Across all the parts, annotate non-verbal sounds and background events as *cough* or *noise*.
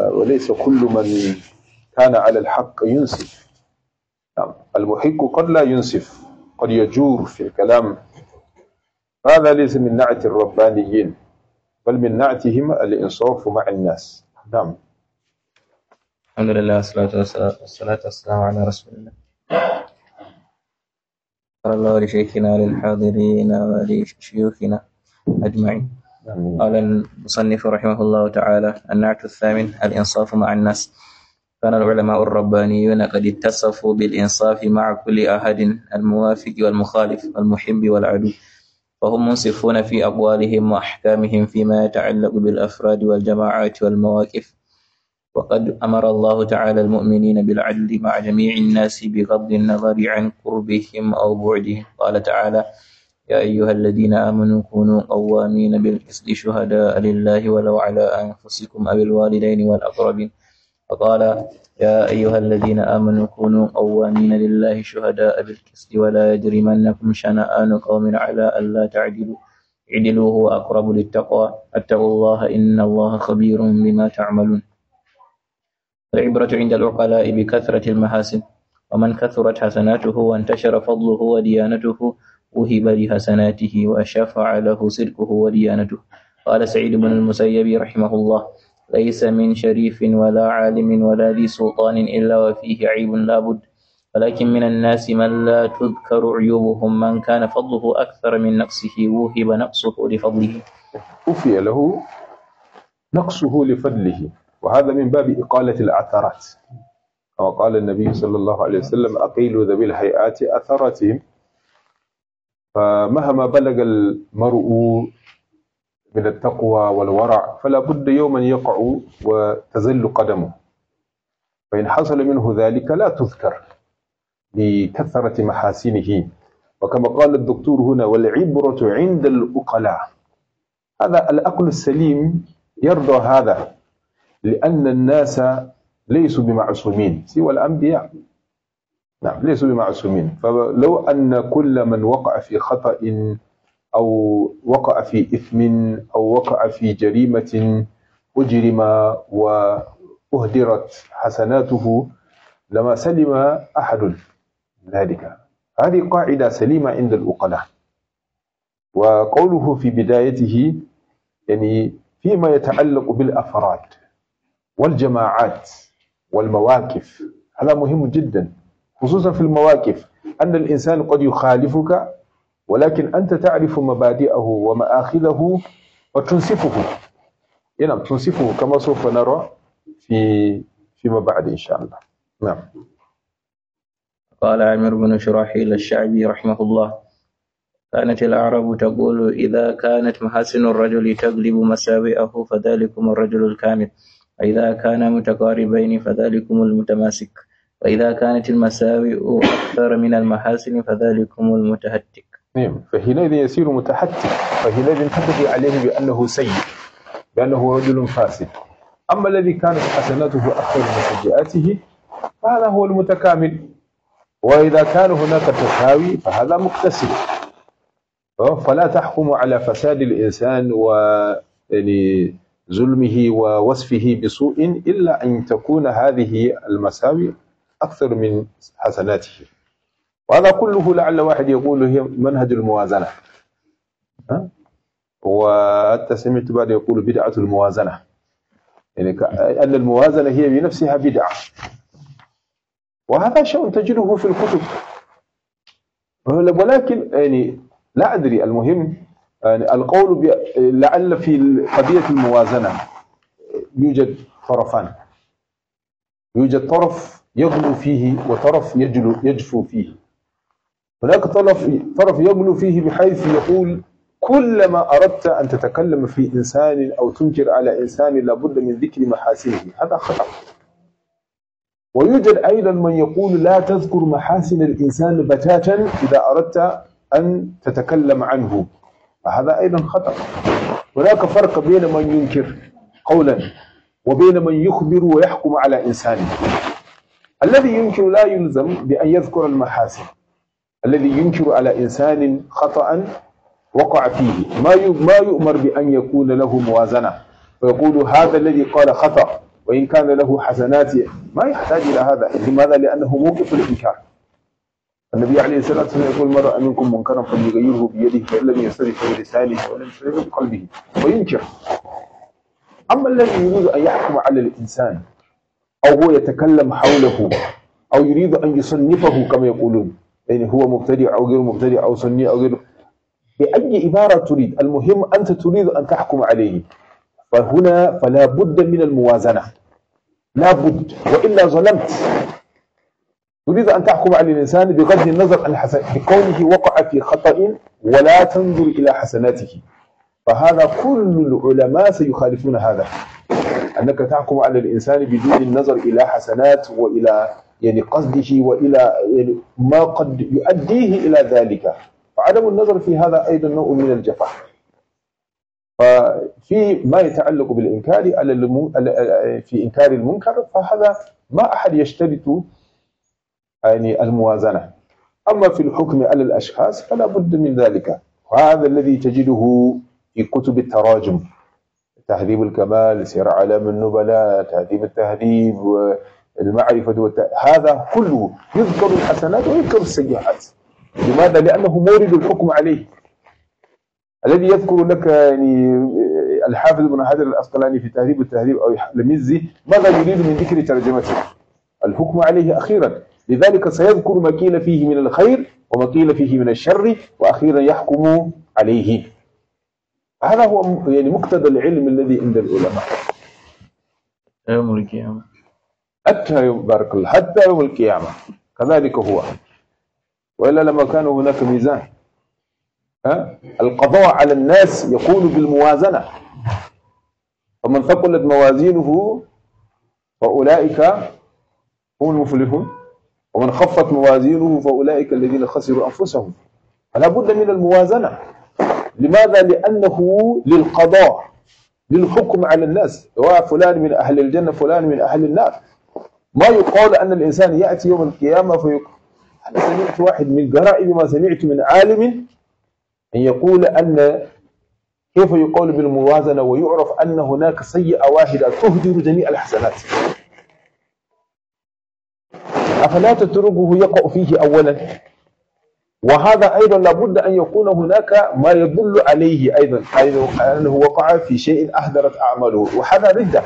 وليس كل من كان على الحق ينسف نعم المحق قد لا ينسف قد يجور في الكلام هذا ليس من نعت الربانيين بل من نعتهم الإنصاف مع الناس نعم الحمد لله والصلاة والسلام على رسول الله صلى الله لشيخنا وللحاضرين ولشيوخنا أجمعين قال المصنف رحمه الله تعالى النعت الثامن الإنصاف مع الناس كان العلماء الربانيون قد اتصفوا بالإنصاف مع كل أحد الموافق والمخالف والمحب والعدو فهم منصفون في أقوالهم وأحكامهم فيما يتعلق بالأفراد والجماعات والمواقف وقد أمر الله تعالى المؤمنين بالعدل مع جميع الناس بغض النظر عن قربهم أو بعدهم قال تعالى يا أيها الذين آمنوا كونوا قوامين بالقسط شهداء لله ولو على أنفسكم أو الوالدين والأقربين فقال يا أيها الذين آمنوا كونوا قوامين لله شهداء بالقسط ولا يجرمنكم شنآن قوم على ألا تعدلوا اعدلوا هو أقرب للتقوى اتقوا الله إن الله خبير بما تعملون العبرة عند العقلاء بكثرة المحاسن ومن كثرت حسناته وانتشر فضله وديانته وهب لحسناته وشفع له سلكه وديانته قال سعيد بن المسيب رحمه الله ليس من شريف ولا عالم ولا ذي سلطان إلا وفيه عيب لا بد ولكن من الناس من لا تذكر عيوبهم من كان فضله أكثر من نقصه وهب نقصه لفضله وفي له نقصه لفضله وهذا من باب إقالة العثرات وقال النبي صلى الله عليه وسلم أقيلوا ذوي الهيئات أثرتهم فمهما بلغ المرء من التقوى والورع فلا بد يوما يقع وتزل قدمه فإن حصل منه ذلك لا تذكر لكثرة محاسنه وكما قال الدكتور هنا والعبرة عند الأقلاء هذا الأقل السليم يرضى هذا لأن الناس ليسوا بمعصومين سوى الأنبياء نعم ليسوا بمعصومين فلو أن كل من وقع في خطأ أو وقع في إثم أو وقع في جريمة أجرم وأهدرت حسناته لما سلم أحد ذلك هذه قاعدة سليمة عند العقلاء وقوله في بدايته يعني فيما يتعلق بالأفراد والجماعات والمواقف هذا مهم جدا خصوصا في المواقف أن الإنسان قد يخالفك ولكن أنت تعرف مبادئه ومآخذه وتنصفه إيه نعم تنصفه كما سوف نرى في فيما بعد إن شاء الله نعم قال عمر بن شراحيل الشعبي رحمه الله كانت الاعراب تقول إذا كانت محاسن الرجل تغلب مساوئه فذلكم الرجل الكامل وإذا كان متقاربين فذلكم المتماسك وإذا كانت المساوئ أكثر من المحاسن فذلكم المتهتك نعم فحينئذ يصير متحتك فحينئذ يتحدث عليه بأنه سيء بأنه رجل فاسد أما الذي كانت حسناته أكثر من سيئاته فهذا هو المتكامل وإذا كان هناك تساوي فهذا مكتسب فلا تحكم على فساد الإنسان و يعني ظلمه ووصفه بسوء إلا أن تكون هذه المساوئ أكثر من حسناته وهذا كله لعل واحد يقول هي منهج الموازنة ها؟ وأنت سمعت بعد يقول بدعة الموازنة يعني أن الموازنة هي بنفسها بدعة وهذا شيء تجده في الكتب ولكن يعني لا أدري المهم يعني القول لعل في قضية الموازنة يوجد طرفان يوجد طرف يغلو فيه وطرف يجلو يجفو فيه هناك طرف طرف يغلو فيه بحيث يقول كلما أردت أن تتكلم في إنسان أو تنكر على إنسان لابد من ذكر محاسنه هذا خطأ ويوجد أيضا من يقول لا تذكر محاسن الإنسان بتاتا إذا أردت أن تتكلم عنه فهذا أيضا خطأ هناك فرق بين من ينكر قولا وبين من يخبر ويحكم على إنسانه الذي ينكر لا يلزم بأن يذكر المحاسن الذي ينكر على إنسان خطأ وقع فيه ما ما يؤمر بأن يكون له موازنة ويقول هذا الذي قال خطأ وإن كان له حسنات ما يحتاج إلى هذا لماذا؟ لأنه موقف الإنكار النبي عليه الصلاة والسلام يقول مرة منكم منكرا فليغيره بيده فإن لم يستطع بلسانه ولم يستطع بقلبه وينكر أما الذي يريد أن يحكم على الإنسان أو هو يتكلم حوله أو يريد أن يصنفه كما يقولون يعني هو مبتدع أو غير مبتدع أو سني أو غير بأي عبارة تريد المهم أنت تريد أن تحكم عليه فهنا فلا بد من الموازنة لا بد وإلا ظلمت تريد أن تحكم على الإنسان بغض النظر عن حسن بكونه وقع في خطأ ولا تنظر إلى حسناته فهذا كل العلماء سيخالفون هذا أنك تحكم على الإنسان بدون النظر إلى حسنات وإلى يعني قصده وإلى يعني ما قد يؤديه إلى ذلك فعدم النظر في هذا أيضا نوع من الجفاء ففي ما يتعلق بالإنكار على المو... في إنكار المنكر فهذا ما أحد يشترط يعني الموازنة أما في الحكم على الأشخاص فلا بد من ذلك وهذا الذي تجده في كتب التراجم تهذيب الكمال سير علام النبلاء تهذيب التهذيب المعرفة والت... هذا كله يذكر الحسنات ويذكر السيئات لماذا؟ لأنه مورد الحكم عليه الذي يذكر لك يعني الحافظ ابن حجر الأسقلاني في تهذيب التهذيب أو المزي ماذا يريد من ذكر ترجمته الحكم عليه أخيرا لذلك سيذكر ما قيل فيه من الخير وما قيل فيه من الشر وأخيرا يحكم عليه هذا هو يعني مقتضى العلم الذي عند العلماء يوم القيامة حتى يوم بارك الله حتى يوم القيامة كذلك هو وإلا لما كان هناك ميزان ها القضاء على الناس يكون بالموازنة فمن ثقلت موازينه فأولئك هم المفلحون ومن خفت موازينه فأولئك الذين خسروا أنفسهم فلا بد من الموازنة لماذا؟ لأنه للقضاء للحكم على الناس وفلان من أهل الجنة فلان من أهل النار ما يقال أن الإنسان يأتي يوم القيامة فيقول أنا سمعت واحد من جرائب ما سمعت من عالم أن يقول أن كيف يقول بالموازنة ويعرف أن هناك سيئة واحدة تهدر جميع الحسنات أفلا تتركه يقع فيه أولا وهذا أيضا لابد أن يكون هناك ما يدل عليه أيضا أنه وقع في شيء أهدرت أعماله وهذا ردة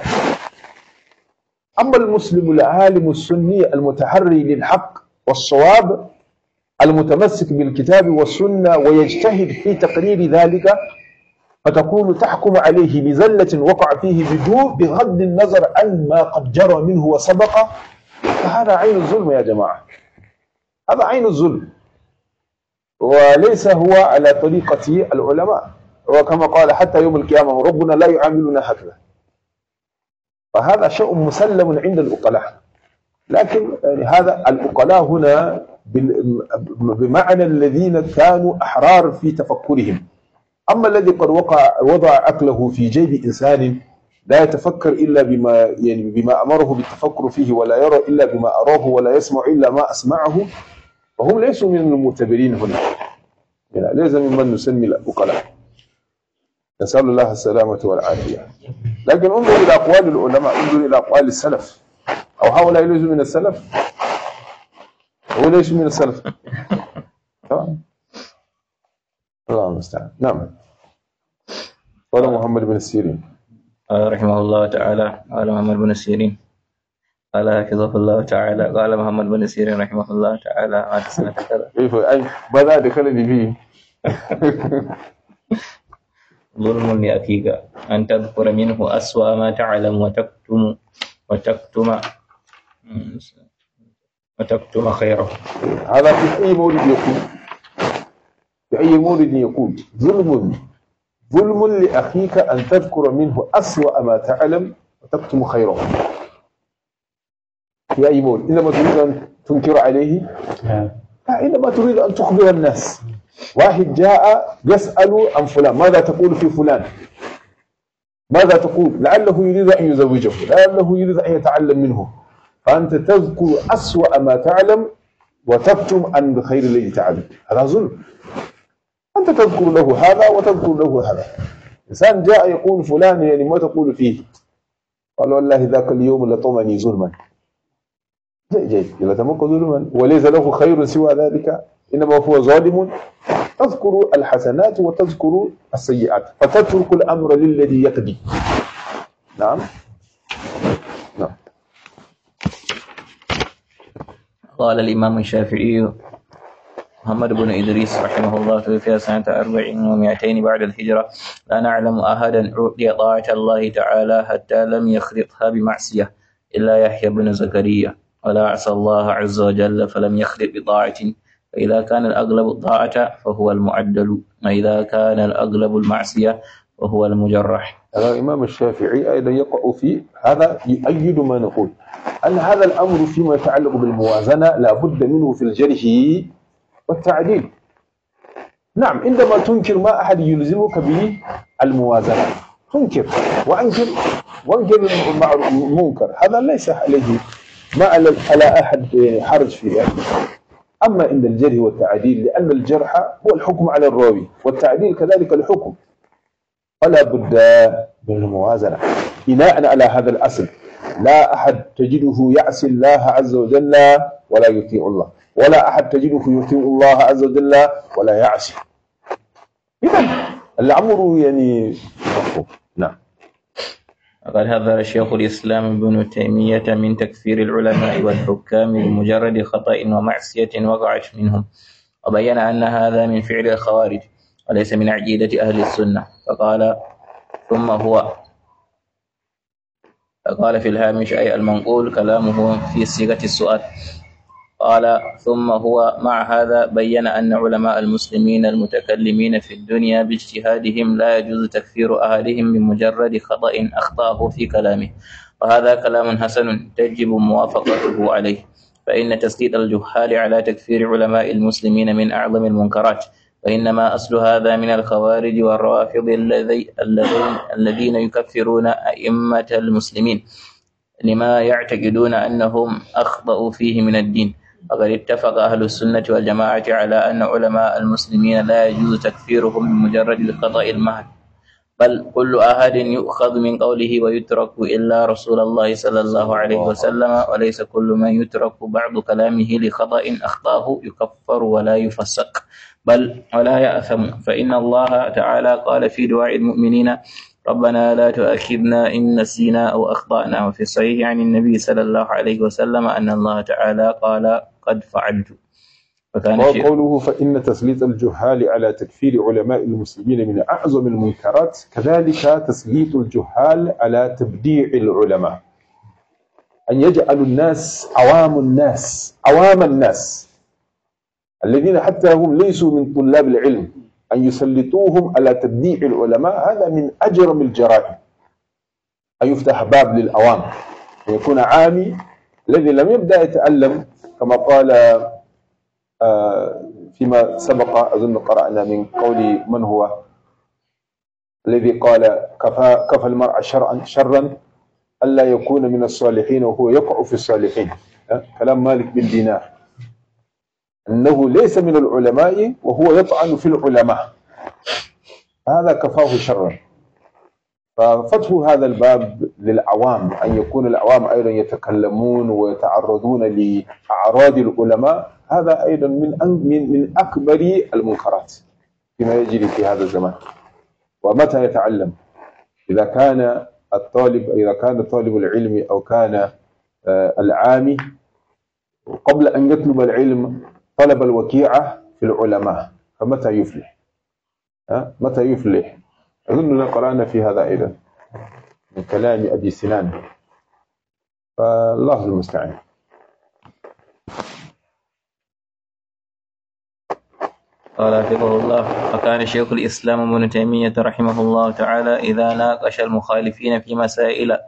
أما المسلم العالم السني المتحري للحق والصواب المتمسك بالكتاب والسنة ويجتهد في تقرير ذلك فتكون تحكم عليه بزلة وقع فيه بدون بغض النظر عن ما قد جرى منه وسبق فهذا عين الظلم يا جماعة هذا عين الظلم وليس هو على طريقة العلماء وكما قال حتى يوم القيامة ربنا لا يعاملنا هكذا فهذا شيء مسلم عند العقلاء لكن يعني هذا العقلاء هنا بمعنى الذين كانوا أحرار في تفكرهم أما الذي قد وقع وضع عقله في جيب إنسان لا يتفكر إلا بما يعني بما أمره بالتفكر فيه ولا يرى إلا بما أراه ولا يسمع إلا ما أسمعه فهم ليسوا من المعتبرين هنا يعني ليس ممن نسمي العقلاء نسأل الله السلامة والعافية لكن انظر إلى أقوال العلماء انظر إلى أقوال السلف أو هؤلاء ليسوا من السلف هو ليسوا من السلف تمام الله المستعان نعم قال محمد بن السيرين رحمه الله تعالى قال محمد بن السيرين قال حفظه الله تعالى قال محمد بن سيرين رحمه الله تعالى عاد سنة كذا أي بدأ دخلني فيه ظلم لأخيك أن تذكر منه أسوأ ما تعلم وتكتم وتكتم وتكتم خيره هذا في أي مورد يقول في أي مورد يقول ظلم ظلم لأخيك أن تذكر منه أسوأ ما تعلم وتكتم خيره يا إيمون إنما تريد أن تنكر عليه نعم. آه، إنما تريد أن تخبر الناس واحد جاء يسأل عن فلان ماذا تقول في فلان ماذا تقول لعله يريد أن يزوجه لعله يريد أن يتعلم منه فأنت تذكر أسوأ ما تعلم وتكتم عن بخير الذي تعلم هذا ظلم أنت تذكر له هذا وتذكر له هذا إنسان جاء يقول فلان يعني ما تقول فيه قال والله ذاك اليوم لطمني ظلما جيد إذا تمكن ظلما وليس له خير سوى ذلك إنما هو ظالم تذكر الحسنات وتذكر السيئات فتترك الأمر للذي يقضي نعم نعم قال الإمام الشافعي محمد بن إدريس رحمه الله توفي سنة أربعين ومئتين بعد الهجرة لا نعلم أحدا أعطي طاعة الله تعالى حتى لم يخلطها بمعصية إلا يحيى بن زكريا ولا عسى الله عز وجل فلم يخلق بطاعة فإذا كان الأغلب الطاعة فهو المعدل وإذا كان الأغلب المعصية وهو المجرح الإمام الشافعي أيضا يقع في هذا يؤيد ما نقول أن هذا الأمر فيما يتعلق بالموازنة لابد منه في الجرح والتعديل نعم عندما تنكر ما أحد يلزمك به الموازنة تنكر وأنكر وانكر المنكر هذا ليس عليه ما على أحد حرج في ذلك أما عند الجرح والتعديل لأن الجرح هو الحكم على الراوي والتعديل كذلك الحكم فلا بد من الموازنة بناء على هذا الأصل لا أحد تجده يعصي الله عز وجل ولا يطيع الله ولا أحد تجده يطيع الله عز وجل ولا يعصي إذا الأمر يعني مفهوم نعم وقد حذر شيخ الإسلام ابن تيمية من تكفير العلماء والحكام بمجرد خطأ ومعصية وقعت منهم وبين أن هذا من فعل الخوارج وليس من عقيدة أهل السنة فقال ثم هو فقال في الهامش أي المنقول كلامه في صيغة السؤال قال ثم هو مع هذا بين أن علماء المسلمين المتكلمين في الدنيا باجتهادهم لا يجوز تكفير أهلهم بمجرد خطأ أخطأه في كلامه وهذا كلام حسن تجب موافقته عليه فإن تسديد الجهال على تكفير علماء المسلمين من أعظم المنكرات وإنما أصل هذا من الخوارج والروافض الذين, الذين يكفرون أئمة المسلمين لما يعتقدون أنهم أخطأوا فيه من الدين فقد اتفق أهل السنة والجماعة على أن علماء المسلمين لا يجوز تكفيرهم من مجرد القضاء المهد بل كل أحد يؤخذ من قوله ويترك إلا رسول الله صلى الله عليه وسلم وليس كل من يترك بعض كلامه لخطأ أخطاه يكفر ولا يفسق بل ولا يأثم فإن الله تعالى قال في دعاء المؤمنين ربنا لا تؤاخذنا إن نسينا أو أخطأنا وفي الصحيح عن النبي صلى الله عليه وسلم أن الله تعالى قال قد فعلت وكان وقوله فإن تسليط الجهال على تكفير علماء المسلمين من أعظم المنكرات كذلك تسليط الجهال على تبديع العلماء أن يجعل الناس عوام الناس عوام الناس الذين حتى هم ليسوا من طلاب العلم أن يسلطوهم على تبديع العلماء هذا من أجرم الجرائم أن يفتح باب للأوام ويكون عامي الذي لم يبدأ يتعلم كما قال آه، فيما سبق أظن قرأنا من قول من هو الذي قال كفى, كفى المرء شرعا شرا ألا يكون من الصالحين وهو يقع في الصالحين آه، كلام مالك بن دينار أنه ليس من العلماء وهو يطعن في العلماء هذا كفاه شرا ففتح هذا الباب للعوام أن يكون العوام أيضا يتكلمون ويتعرضون لأعراض العلماء هذا أيضا من من أكبر المنكرات فيما يجري في هذا الزمان ومتى يتعلم إذا كان الطالب إذا كان طالب العلم أو كان آه، العامي قبل أن يطلب العلم طلب الوكيعة في العلماء فمتى يفلح ها؟ متى يفلح أظننا قرأنا في هذا أيضا من كلام أبي سنان فالله المستعان قال حفظه الله وكان شيخ الإسلام ابن تيمية رحمه الله تعالى إذا ناقش المخالفين في مسائل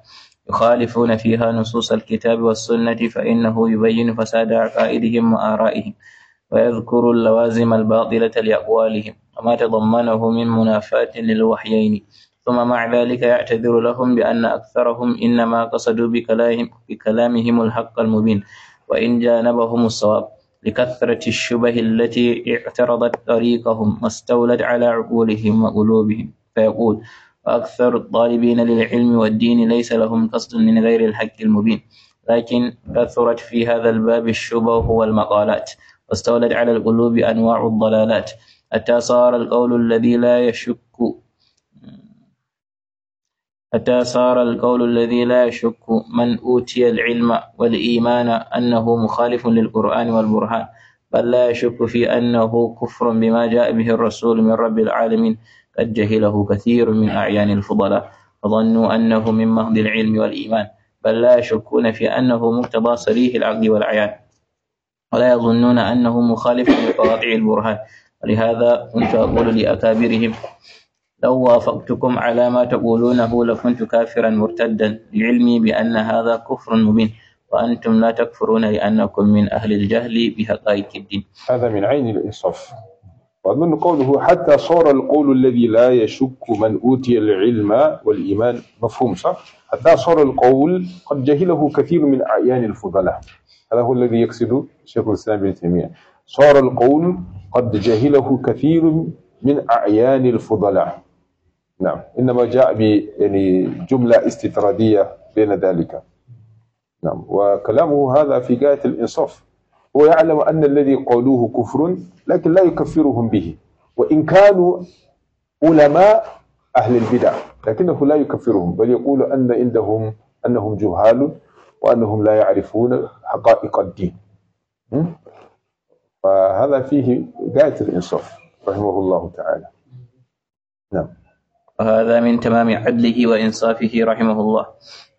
يخالفون فيها نصوص الكتاب والسنة فإنه يبين فساد عقائدهم وآرائهم ويذكر اللوازم الباطلة لأقوالهم وما تضمنه من منافاة للوحيين ثم مع ذلك يعتذر لهم بأن أكثرهم إنما قصدوا بكلام بكلامهم الحق المبين وإن جانبهم الصواب لكثرة الشبه التي اعترضت طريقهم واستولت على عقولهم وقلوبهم فيقول وأكثر الطالبين للعلم والدين ليس لهم قصد من غير الحق المبين لكن كثرت في هذا الباب الشبه والمقالات واستولت على القلوب أنواع الضلالات حتى صار القول الذي لا يشك حتى صار القول الذي لا يشك من أوتي العلم والإيمان أنه مخالف للقرآن والبرهان بل لا يشك في أنه كفر بما جاء به الرسول من رب العالمين قد جهله كثير من أعيان الفضلاء فظنوا أنه من مهد العلم والإيمان بل لا يشكون في أنه مقتضى صريح العقل والعيان ولا يظنون أنه مخالف لقواطع البرهان ولهذا كنت أقول لأكابرهم لو وافقتكم على ما تقولونه لكنت كافرا مرتدا لعلمي بأن هذا كفر مبين وأنتم لا تكفرون لأنكم من أهل الجهل بحقائق الدين هذا من عين الإنصاف ومن قوله حتى صار القول الذي لا يشك من أوتي العلم والإيمان مفهوم صح؟ حتى صار القول قد جهله كثير من أعيان الفضلاء هذا هو الذي يقصد شيخ الإسلام بن تيمية صار القول قد جهله كثير من أعيان الفضلاء نعم إنما جاء ب يعني جملة استطرادية بين ذلك نعم وكلامه هذا في غاية الإنصاف ويعلم أن الذي قالوه كفر لكن لا يكفرهم به وإن كانوا علماء أهل البدع لكنه لا يكفرهم بل يقول أن عندهم أنهم جهال وأنهم لا يعرفون حقائق الدين فهذا فيه غاية الإنصاف رحمه الله تعالى نعم وهذا من تمام عدله وإنصافه رحمه الله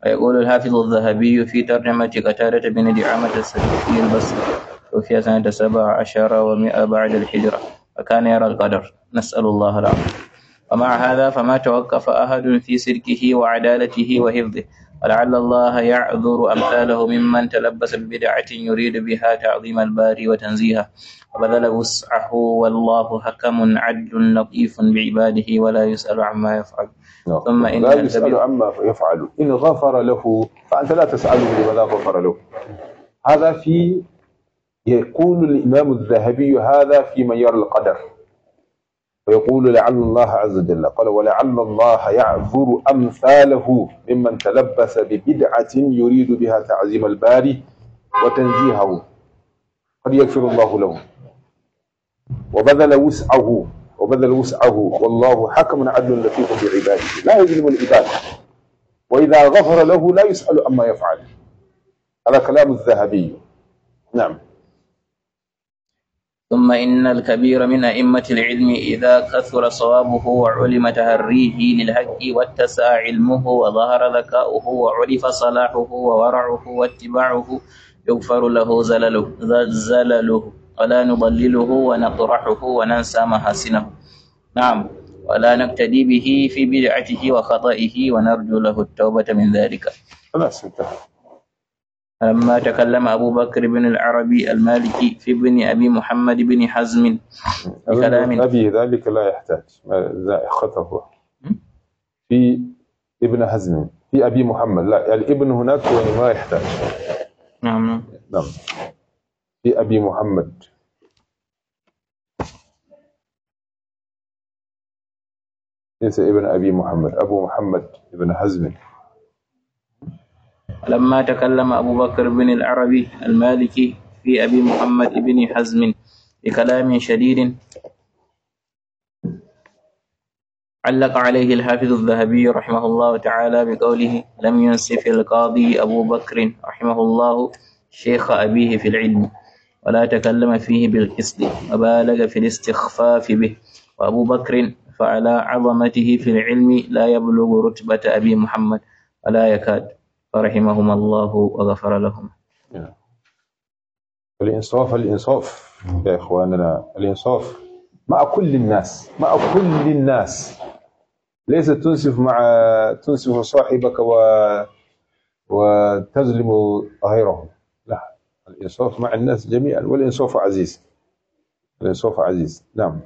ويقول الحافظ الذهبي في ترجمة قتادة بن دعامة السلفي البصري توفي سنة سبع عشر ومئة بعد الهجرة وكان يرى القدر نسأل الله العافية ومع هذا فما توقف أحد في سلكه وعدالته وحفظه ولعل الله يعذر أمثاله ممن تلبس ببدعة يريد بها تعظيم الباري وتنزيهه وبذل وسعه والله حكم عدل لطيف بعباده ولا يسأل عما يفعل نعم. ثم إن لا يسأل عما يفعل إن غفر له فأنت لا تسأله لما لا غفر له هذا في يقول الإمام الذهبي هذا في من يرى القدر ويقول لعل الله عز وجل قال ولعل الله يعذر أمثاله ممن تلبس ببدعة يريد بها تعظيم الباري وتنزيهه قد يغفر الله له وبذل وسعه وبذل وسعه والله حكم عدل لطيف بعباده لا يظلم العباد وإذا غفر له لا يسأل عما يفعل هذا كلام الذهبي نعم ثم إن الكبير من أئمة العلم إذا كثر صوابه وعلم تهريه للحق واتسع علمه وظهر ذكاؤه وعرف صلاحه وورعه واتباعه يغفر له زلله, زلله ولا نضلله ونطرحه وننسى محاسنه نعم ولا نقتدي به في بدعته وخطئه ونرجو له التوبة من ذلك خلاص انتهى لما تكلم أبو بكر بن العربي المالكي في ابن أبي محمد بن حزم بكلام أبي ذلك لا يحتاج خطأ في ابن حزم في أبي محمد لا الابن يعني هناك ما يحتاج نعم،, نعم نعم في أبي محمد ليس ابن أبي محمد أبو محمد ابن حزم ولما تكلم أبو بكر بن العربي المالكي في أبي محمد بن حزم بكلام شديد علق عليه الحافظ الذهبي رحمه الله تعالى بقوله لم ينسف القاضي أبو بكر رحمه الله شيخ أبيه في العلم ولا تكلم فيه بالقسط وبالغ في الاستخفاف به وأبو بكر فعلى عظمته في العلم لا يبلغ رتبة أبي محمد ولا يكاد فرحمهم الله وغفر لهم نعم. الإنصاف الإنصاف يا إخواننا الإنصاف مع كل الناس مع كل الناس ليس تنصف مع تنصف صاحبك و وتظلم غيره لا الإنصاف مع الناس جميعا والإنصاف عزيز الإنصاف عزيز نعم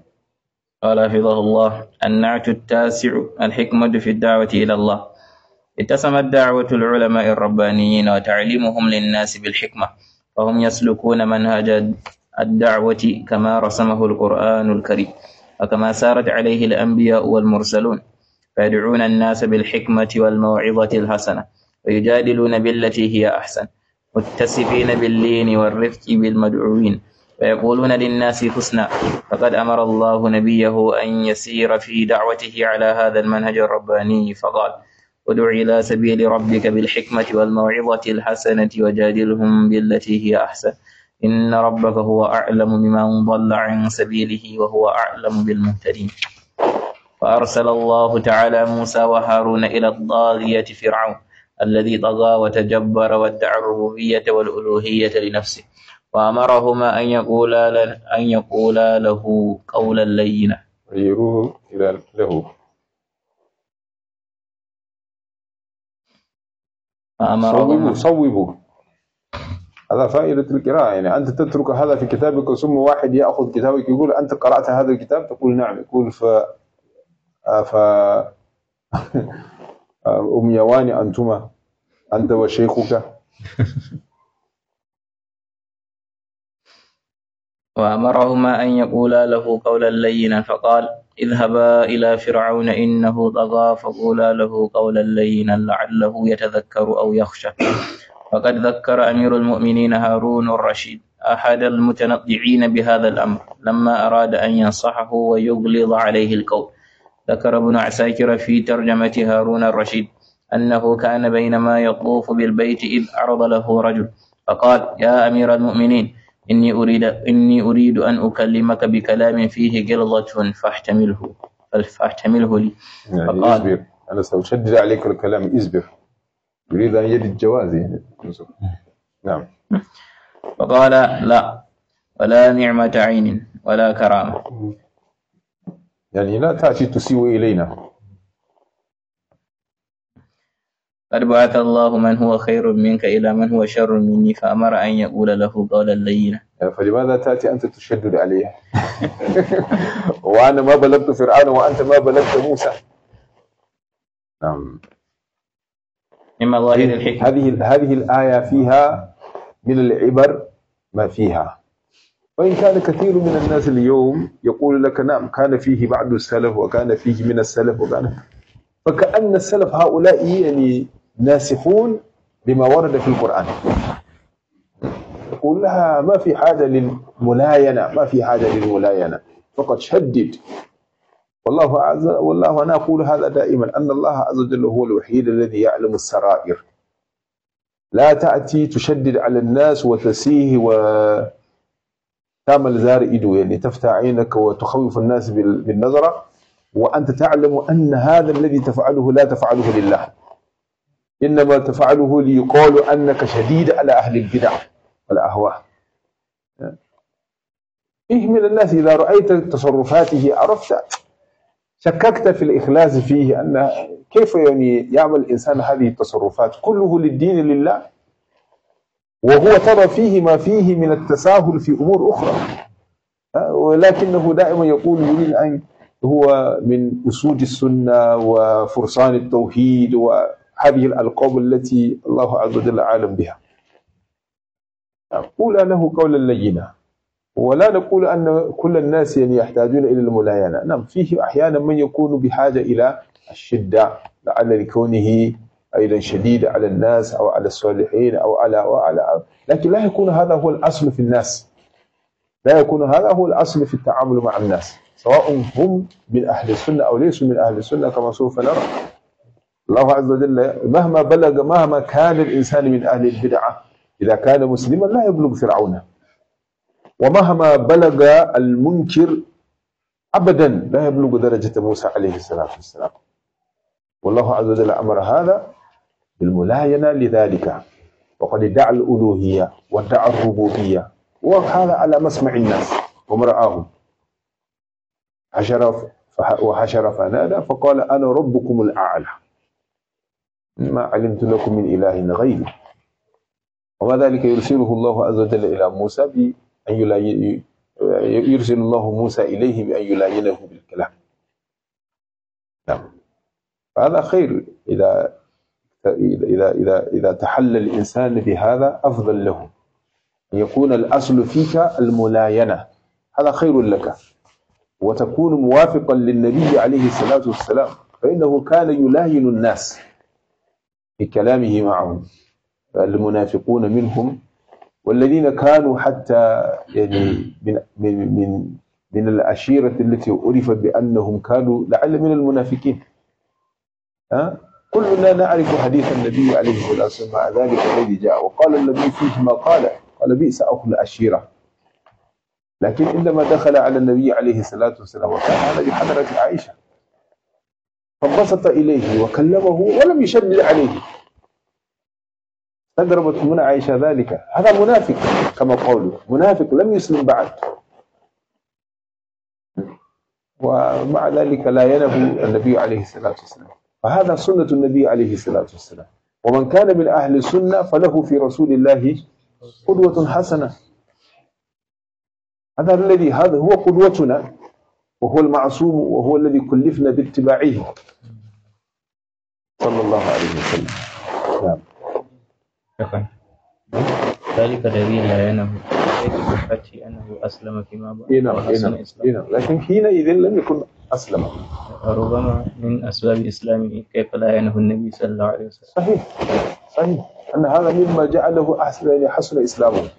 قال حفظه الله النعت التاسع الحكمة في الدعوة إلى الله اتسمت دعوة العلماء الربانيين وتعليمهم للناس بالحكمة فهم يسلكون منهج الدعوة كما رسمه القرآن الكريم وكما سارت عليه الأنبياء والمرسلون فيدعون الناس بالحكمة والموعظة الحسنة ويجادلون بالتي هي أحسن متسفين باللين والرفق بالمدعوين ويقولون للناس حسنا فقد أمر الله نبيه أن يسير في دعوته على هذا المنهج الرباني فقال ادع إلى سبيل ربك بالحكمة والموعظة الحسنة وجادلهم بالتي هي أحسن إن ربك هو أعلم بمن ضل عن سبيله وهو أعلم بالمهتدين فأرسل الله تعالى موسى وهارون إلى الضاغية فرعون الذي طغى وتجبر وادعى الربوبية والألوهية لنفسه وأمرهما أن يقولا أن يقولا له قولا لينا أيوه إلى له صوبوا صوبوا هذا فائدة القراءة يعني أنت تترك هذا في كتابك ثم واحد يأخذ كتابك يقول أنت قرأت هذا الكتاب تقول نعم يقول ف آه، ف *laughs* آه، أميوان أنتما أنت وشيخك *laughs* وأمرهما أن يقولا له قولا لينا فقال اذهبا إلى فرعون إنه طغى فقولا له قولا لينا لعله يتذكر أو يخشى فقد ذكر أمير المؤمنين هارون الرشيد أحد المتنطعين بهذا الأمر لما أراد أن ينصحه ويغلظ عليه القول ذكر ابن عساكر في ترجمة هارون الرشيد أنه كان بينما يطوف بالبيت إذ عرض له رجل فقال يا أمير المؤمنين إني أريد إني أريد أن أكلمك بكلام فيه غلظة فاحتمله فاحتمله لي يعني فقال اصبر أنا سأشدد عليك الكلام اصبر يريد أن يجد جوازي نعم فقال لا ولا نعمة عين ولا كرامة يعني لا تأتي تسيء إلينا قد بعث الله من هو خير منك إلى من هو شر مني فأمر أن يقول له قولا لينا آه، فلماذا تأتي أنت تشدد عليه *laughs* وأنا ما بلغت فرعون وأنت ما بلغت موسى نعم إما الله الحكمة هذه هذه الآية فيها من العبر ما فيها وإن كان كثير من الناس اليوم يقول لك نعم كان فيه بعض السلف وكان فيه من السلف وكان فكأن السلف هؤلاء يعني ناسخون بما ورد في القرآن يقول لها ما في حاجة للملاينة ما في حاجة للملاينة فقد شدد والله عز والله انا اقول هذا دائما ان الله عز وجل هو الوحيد الذي يعلم السرائر لا تاتي تشدد على الناس وتسيه و تعمل زار ايده يعني تفتح عينك وتخوف الناس بالنظره وانت تعلم ان هذا الذي تفعله لا تفعله لله إنما تفعله ليقال أنك شديد على أهل البدع والأهواء اهمل الناس إذا رأيت تصرفاته عرفت شككت في الإخلاص فيه أن كيف يعني يعمل الإنسان هذه التصرفات كله للدين لله وهو ترى فيه ما فيه من التساهل في أمور أخرى ولكنه دائما يقول يريد أن هو من أسود السنة وفرسان التوحيد و هذه الألقاب التي الله عز وجل عالم بها قول له قولا لينا ولا نقول أن كل الناس يعني يحتاجون إلى الملاينة نعم فيه أحيانا من يكون بحاجة إلى الشدة لعل لكونه أيضا شديد على الناس أو على الصالحين أو على وعلى لكن لا يكون هذا هو الأصل في الناس لا يكون هذا هو الأصل في التعامل مع الناس سواء هم من أهل السنة أو ليسوا من أهل السنة كما سوف نرى الله عز وجل مهما بلغ مهما كان الإنسان من أهل البدعة إذا كان مسلما لا يبلغ فرعون ومهما بلغ المنكر أبدا لا يبلغ درجة موسى عليه الصلاة والسلام والله عز وجل أمر هذا بالملاينة لذلك وقد ادعى الألوهية وادعى الربوبية وهذا على مسمع الناس ومرآهم حشر وحشر فنادى فقال أنا ربكم الأعلى ما علمت لكم من إله غيري وما ذلك يرسله الله عز وجل إلى موسى بأن يرسل الله موسى إليه بأن يلاينه بالكلام نعم فهذا خير إذا إذا إذا إذا تحلى الإنسان بهذا أفضل له أن يكون الأصل فيك الملاينة هذا خير لك وتكون موافقا للنبي عليه الصلاة والسلام فإنه كان يلاين الناس بكلامه معهم المنافقون منهم والذين كانوا حتى يعني من من من من العشيرة التي عرفت بأنهم كانوا لعل من المنافقين ها كلنا نعرف حديث النبي عليه الصلاة والسلام مع ذلك الذي جاء وقال النبي فيه ما قال قال بئس أخو العشيرة لكن عندما دخل على النبي عليه الصلاة والسلام وكان هذا بحضرة عائشة فانبسط إليه وكلمه ولم يشدد عليه استغربت من عائشة ذلك هذا منافق كما قوله منافق لم يسلم بعد ومع ذلك لا ينبو النبي عليه الصلاة والسلام فهذا سنة النبي عليه الصلاة والسلام ومن كان من أهل السنة فله في رسول الله قدوة حسنة هذا الذي هذا هو قدوتنا وهو المعصوم وهو الذي كلفنا باتباعه صلى الله عليه وسلم نعم ذلك الذي لا ينام انه اسلم فيما بعد إيه نعم إيه نعم،, إيه نعم لكن حينئذ لم يكن اسلم ربما من اسباب اسلامه كيف لا ينهى النبي صلى الله عليه وسلم صحيح صحيح ان هذا مما جعله احسن يعني حسن اسلامه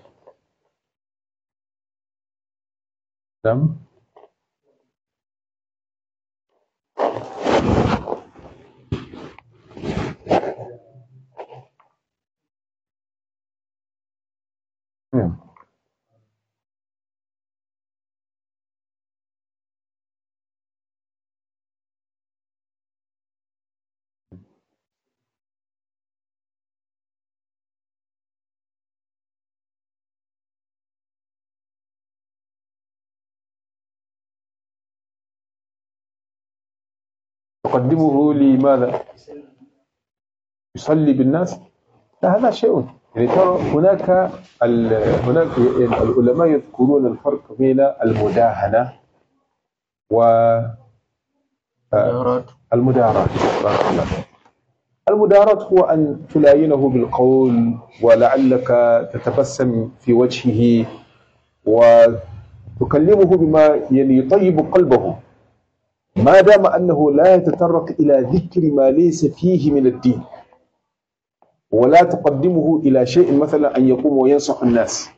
نعم يقدمه لماذا يصلي بالناس لا هذا شيء يعني ترى هناك هناك العلماء يذكرون الفرق بين المداهنه و المدارات المدارات هو أن تلاينه بالقول ولعلك تتبسم في وجهه وتكلمه بما يعني يطيب قلبه ما دام أنه لا يتطرق إلى ذكر ما ليس فيه من الدين ولا تقدمه إلى شيء مثلا أن يقوم وينصح الناس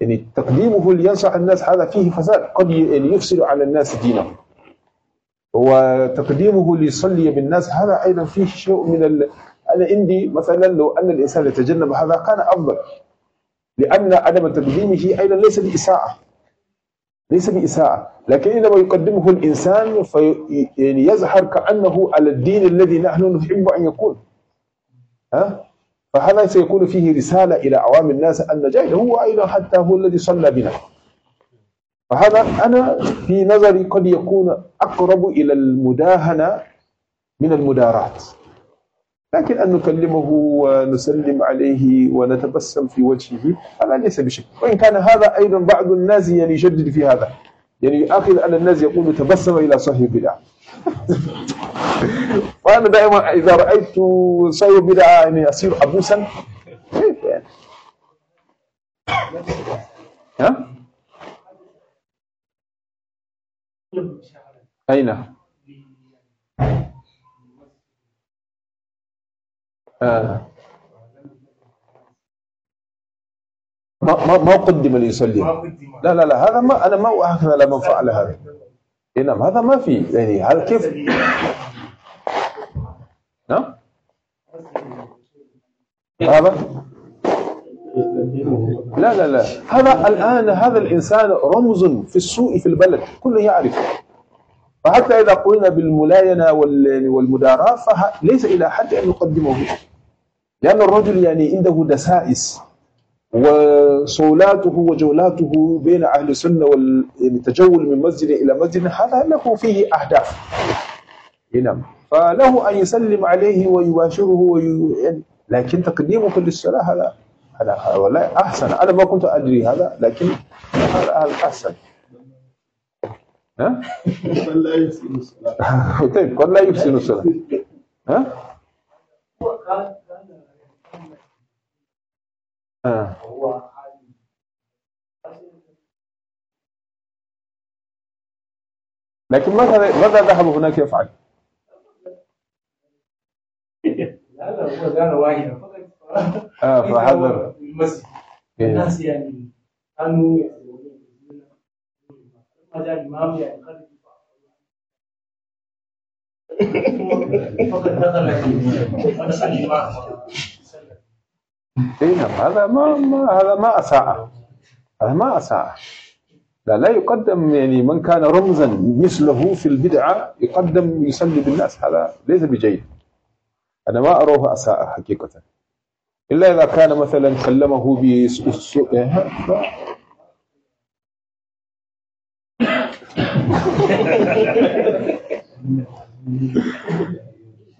يعني تقديمه لينصح الناس هذا فيه فساد قد يعني يفسد على الناس دينهم وتقديمه ليصلي بالناس هذا أيضا فيه شيء من ال... أنا عندي مثلا لو أن الإنسان يتجنب هذا كان أفضل لأن عدم تقديمه أيضا ليس بإساءة ليس بإساءة لكن إنما يقدمه الإنسان في يعني كأنه على الدين الذي نحن نحب أن يكون ها؟ فهذا سيكون فيه رسالة إلى عوام الناس أن جاهل هو أيضا حتى هو الذي صلى بنا فهذا أنا في نظري قد يكون أقرب إلى المداهنة من المدارات لكن أن نكلمه ونسلم عليه ونتبسم في وجهه هذا ليس بشك وإن كان هذا أيضا بعض الناس يعني يجدد في هذا يعني يؤخذ على الناس يقول تبسم إلى صاحب البدعة *laughs* وأنا دائما إذا رأيت صاحب بدعة يعني أصير أبوسا كيف يعني ها؟ أين؟ آه. ما ما ما قدم ليصلي لا لا لا هذا ما انا ما احكم على من فعل هذا نعم هذا ما في يعني هل كيف نعم هذا لا لا لا هذا الان هذا الانسان رمز في السوء في البلد كله يعرف فحتى اذا قلنا بالملاينه والمداراه فليس الى حد ان نقدمه لأن الرجل يعني عنده دسائس وصولاته وجولاته بين أهل السنة والتجول يعني من مسجد إلى مسجد هذا له فيه أهداف نعم فله أن يسلم عليه ويباشره وي... يعني لكن تقديمه للصلاة هذا هذا والله أحسن أنا ما كنت أدري هذا لكن هذا أحسن ها؟ قل لا يحسن الصلاة طيب قل لا يحسن الصلاة ها؟ آه. لكن ماذا ماذا ذهب هناك يفعل؟ *laughs* لا لا هو كان واحدا اه *laughs* فحذر المسجد إيه. الناس يعني كانوا يعني ما جاء الامام يعني *laughs* فقد دخل في اي نعم هذا ما, ما هذا ما اساء هذا ما اساء لا لا يقدم يعني من كان رمزا مثله في البدعه يقدم يسلي بالناس هذا ليس بجيد انا ما اروه اساءه حقيقه الا اذا كان مثلا كلمه بسوء إيه، *laughs*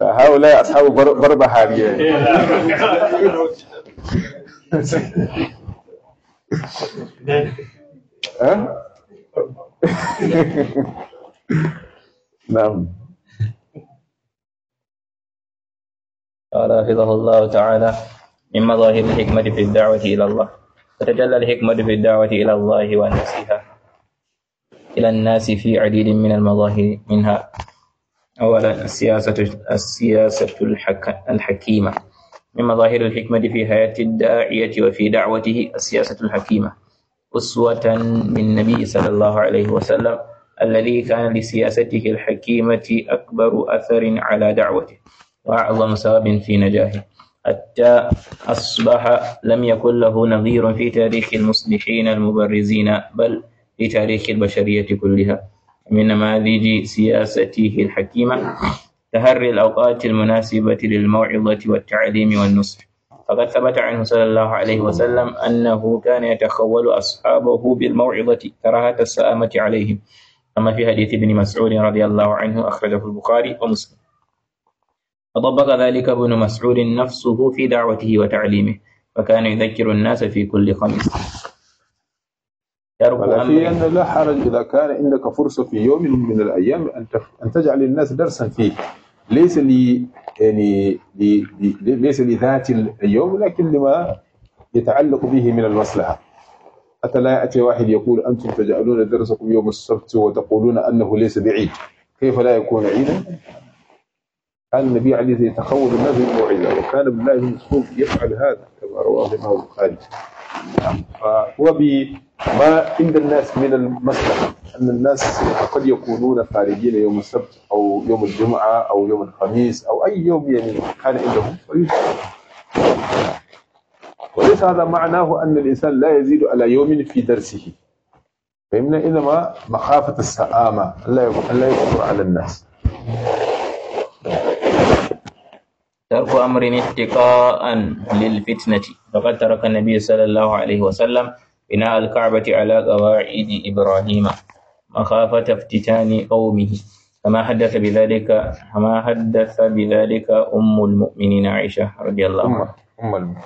هؤلاء اصحاب ضربه حاليه *laughs* نعم قال حفظه الله تعالى من مظاهر الحكمة في الدعوة إلى الله تتجلى الحكمة في الدعوة إلى الله ونفسها إلى الناس في عديد من المظاهر منها أولا السياسة السياسة الحكيمة من مظاهر الحكمة في حياة الداعية وفي دعوته السياسة الحكيمة أسوة من النبي صلى الله عليه وسلم الذي كان لسياسته الحكيمة أكبر أثر على دعوته وأعظم سبب في نجاحه حتى أصبح لم يكن له نظير في تاريخ المصلحين المبرزين بل في تاريخ البشرية كلها من نماذج سياسته الحكيمة تهري الأوقات المناسبة للموعظة والتعليم والنصح فقد ثبت عنه صلى الله عليه وسلم أنه كان يتخول أصحابه بالموعظة كراهة السآمة عليهم كما في حديث ابن مسعود رضي الله عنه أخرجه البخاري ومسلم فطبق ذلك ابن مسعود نفسه في دعوته وتعليمه وكان يذكر الناس في كل خميس يرجو في أن لا حرج إذا كان عندك فرصة في يوم من الأيام أن أن تجعل الناس درسا فيه ليس لي يعني لي ليس لذات اليوم لكن لما يتعلق به من المصلحة حتى لا يأتي واحد يقول أنتم تجعلون درسكم يوم السبت وتقولون أنه ليس بعيد كيف لا يكون عيدا؟ قال النبي عليه الصلاة يتخوض الناس بالموعظة وكان بالله المسلوب يفعل هذا كما رواه الإمام البخاري فهو ما عند الناس من المصلحة أن الناس قد يكونون خارجين يوم السبت أو يوم الجمعة أو يوم الخميس أو أي يوم يعني كان عندهم وليس هذا معناه أن الإنسان لا يزيد على يوم في درسه فهمنا إنما مخافة السآمة لا يكفر على الناس ترك أمر اتقاء للفتنة فقد ترك النبي صلى الله عليه وسلم بناء الكعبة على قواعد إبراهيم مخافة افتتان قومه كما حدث بذلك كما حدث بذلك أم المؤمنين عائشة رضي الله عنها أم المؤمنين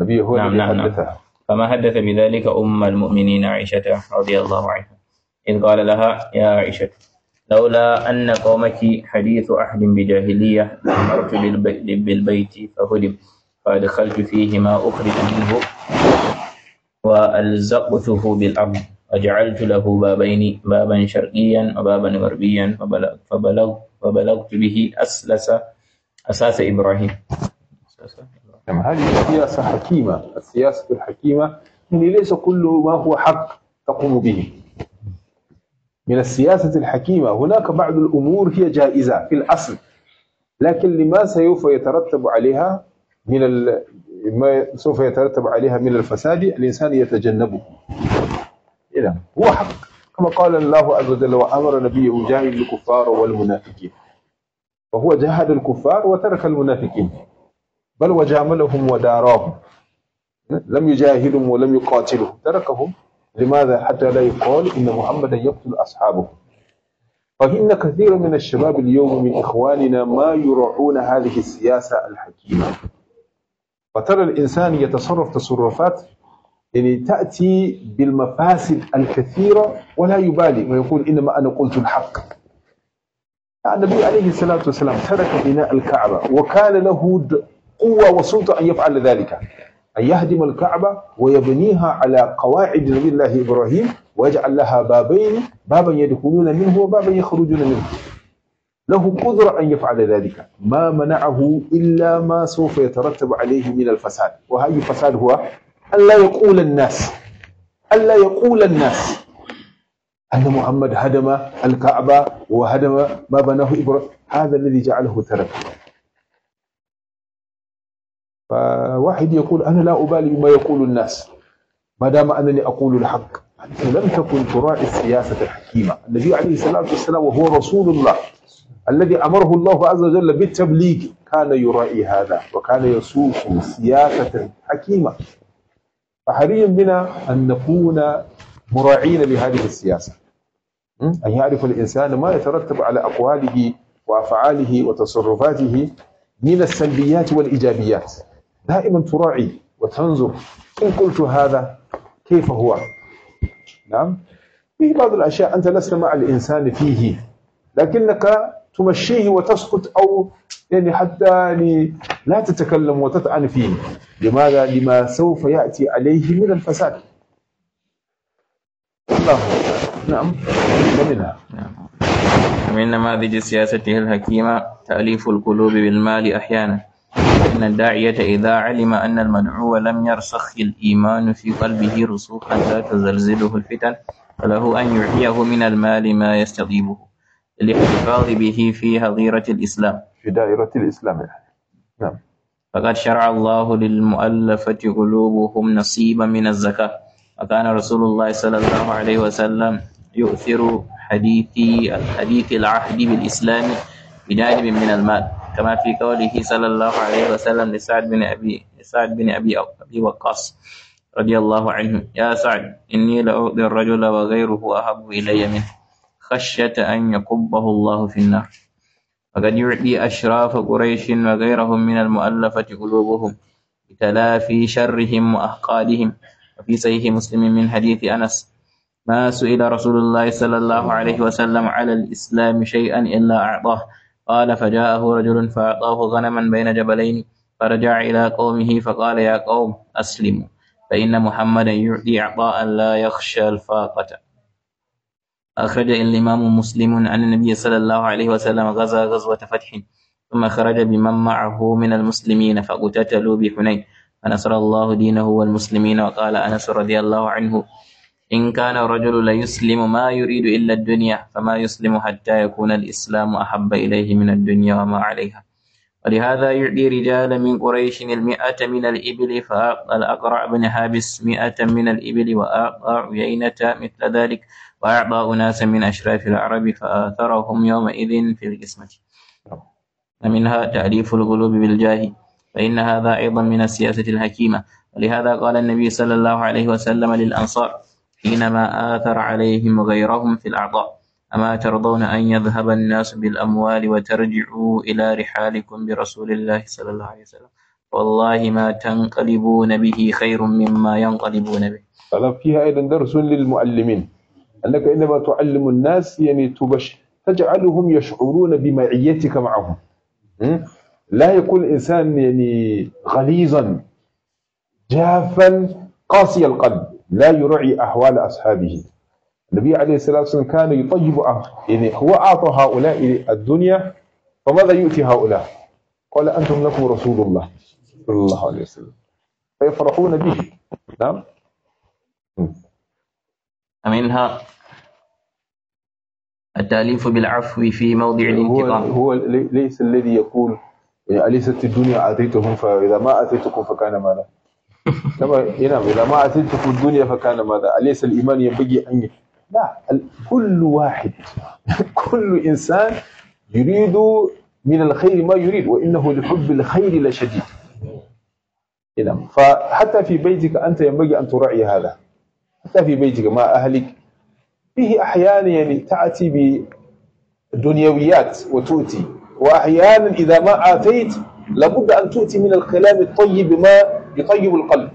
النبي هو نعم نعم, نعم. فما حدث بذلك أم المؤمنين عائشة رضي الله عنها إذ قال لها يا عائشة لولا أن قومك حديث أحد بجاهلية لأمرت بالبيت فهدم فأدخلت فيه ما أخرج منه وألزقته بالأرض وجعلت له بابين بابا شرقيا وبابا غربيا فبلغ فبلغ فبلغت به أسلس أساس إبراهيم هذه سياسة حكيمة السياسة الحكيمة يعني ليس كل ما هو حق تقوم به من السياسة الحكيمة هناك بعض الأمور هي جائزة في الأصل لكن لما سوف يترتب عليها من ما سوف يترتب عليها من الفساد الإنسان يتجنبه إذا هو حق كما قال الله عز وجل وأمر نبيه جاهد الكفار والمنافقين فهو جاهد الكفار وترك المنافقين بل وجاملهم وداراهم لم يجاهدهم ولم يقاتلهم تركهم لماذا حتى لا يقال إن محمدا يقتل أصحابه فإن كثيرا من الشباب اليوم من إخواننا ما يرعون هذه السياسة الحكيمة فترى الإنسان يتصرف تصرفات يعني تأتي بالمفاسد الكثيرة ولا يبالي ويقول إنما أنا قلت الحق النبي عليه الصلاة والسلام ترك بناء الكعبة وكان له قوة وسلطة أن يفعل ذلك أن يهدم الكعبة ويبنيها على قواعد نبي الله إبراهيم ويجعل لها بابين بابا يدخلون منه وبابا يخرجون منه له قدرة أن يفعل ذلك ما منعه إلا ما سوف يترتب عليه من الفساد وهذا الفساد هو ألا يقول الناس ألا يقول الناس أن محمد هدم الكعبة وهدم ما بناه إبراهيم هذا الذي جعله ترك فواحد يقول أنا لا أبالي بما يقول الناس ما دام أنني أقول الحق أنت لم تكن تراعي السياسة الحكيمة النبي عليه الصلاة والسلام وهو رسول الله الذي أمره الله عز وجل بالتبليغ كان يرائي هذا وكان يسوق سياسة حكيمة فحري بنا أن نكون مراعين لهذه السياسة أن يعرف الإنسان ما يترتب على أقواله وأفعاله وتصرفاته من السلبيات والإيجابيات دائما تراعي وتنظر إن قلت هذا كيف هو نعم في بعض الأشياء أنت لست مع الإنسان فيه لكنك تمشيه وتسكت أو يعني حتى يعني لا تتكلم وتطعن فيه لماذا؟ لما سوف يأتي عليه من الفساد الله نعم ومنها من نعم. نماذج سياسته الحكيمة تأليف القلوب بالمال أحيانا إن الداعية إذا علم أن المدعو لم يرسخ الإيمان في قلبه رسوخا لا تزلزله الفتن فله أن يعطيه من المال ما يستطيبه الاحتفاظ به في هضيرة الإسلام في دائرة الإسلام نعم فقد شرع الله للمؤلفة قلوبهم نصيبا من الزكاة وكان رسول الله صلى الله عليه وسلم يؤثر حديث الحديث العهد بالإسلام بجانب من المال كما في قوله صلى الله عليه وسلم لسعد بن أبي سعد بن أبي أبي وقاص رضي الله عنه يا سعد إني لأؤذي الرجل وغيره أحب إلي منه خشية أن يكبه الله في النار فقد يعدي أشراف قريش وغيرهم من المؤلفة قلوبهم بتلافي شرهم وأحقادهم وفي صحيح مسلم من حديث أنس ما سئل رسول الله صلى الله عليه وسلم على الإسلام شيئا إلا أعطاه قال فجاءه رجل فأعطاه غنما بين جبلين فرجع إلى قومه فقال يا قوم أسلموا فإن محمدا يعطي عطاء لا يخشى الفاقة أخرج الإمام مسلم عن النبي صلى الله عليه وسلم غزا غزوة فتح ثم خرج بمن معه من المسلمين فقتتلوا بحنين فنصر الله دينه والمسلمين وقال أنس رضي الله عنه إن كان الرجل ليسلم ما يريد إلا الدنيا فما يسلم حتى يكون الإسلام أحب إليه من الدنيا وما عليها ولهذا يعدي رجال من قريش المئة من الإبل فأقرع بن حابس مئة من الإبل وأقرع عيينة مثل ذلك وأعطى أناسا من أشراف العرب فآثرهم يومئذ في القسمة ومنها تعريف القلوب بالجاه فإن هذا أيضا من السياسة الحكيمة ولهذا قال النبي صلى الله عليه وسلم للأنصار حينما آثر عليهم غيرهم في الأعضاء أما ترضون أن يذهب الناس بالأموال وترجعوا إلى رحالكم برسول الله صلى الله عليه وسلم والله ما تنقلبون به خير مما ينقلبون به طلب فيها أيضا درس للمؤلمين أنك إنما تعلم الناس يعني تبشر تجعلهم يشعرون بمعيتك معهم لا يكون الإنسان يعني غليظا جافا قاسي القلب لا يراعي أحوال أصحابه النبي عليه الصلاة والسلام كان يطيب أه- يعني هو أعطى هؤلاء الدنيا فماذا يؤتي هؤلاء قال أنتم لكم رسول الله صلى الله عليه وسلم فيفرحون به نعم منها التأليف بالعفو في موضع الانتقام هو, هو ليس الذي يقول يعني أليست الدنيا آتيتهم فإذا ما آتيتكم فكان ماذا كما *laughs* نعم إذا ما آتيتكم الدنيا فكان ماذا أليس الإيمان ينبغي أن لا كل واحد *laughs* كل إنسان يريد من الخير ما يريد وإنه لحب الخير لشديد إذا فحتى في بيتك أنت ينبغي أن تراعي هذا حتى في بيتك مع أهلك فيه أحيانا يعني تأتي بدنيويات وتؤتي وأحيانا إذا ما آتيت لابد أن تؤتي من الكلام الطيب ما يطيب القلب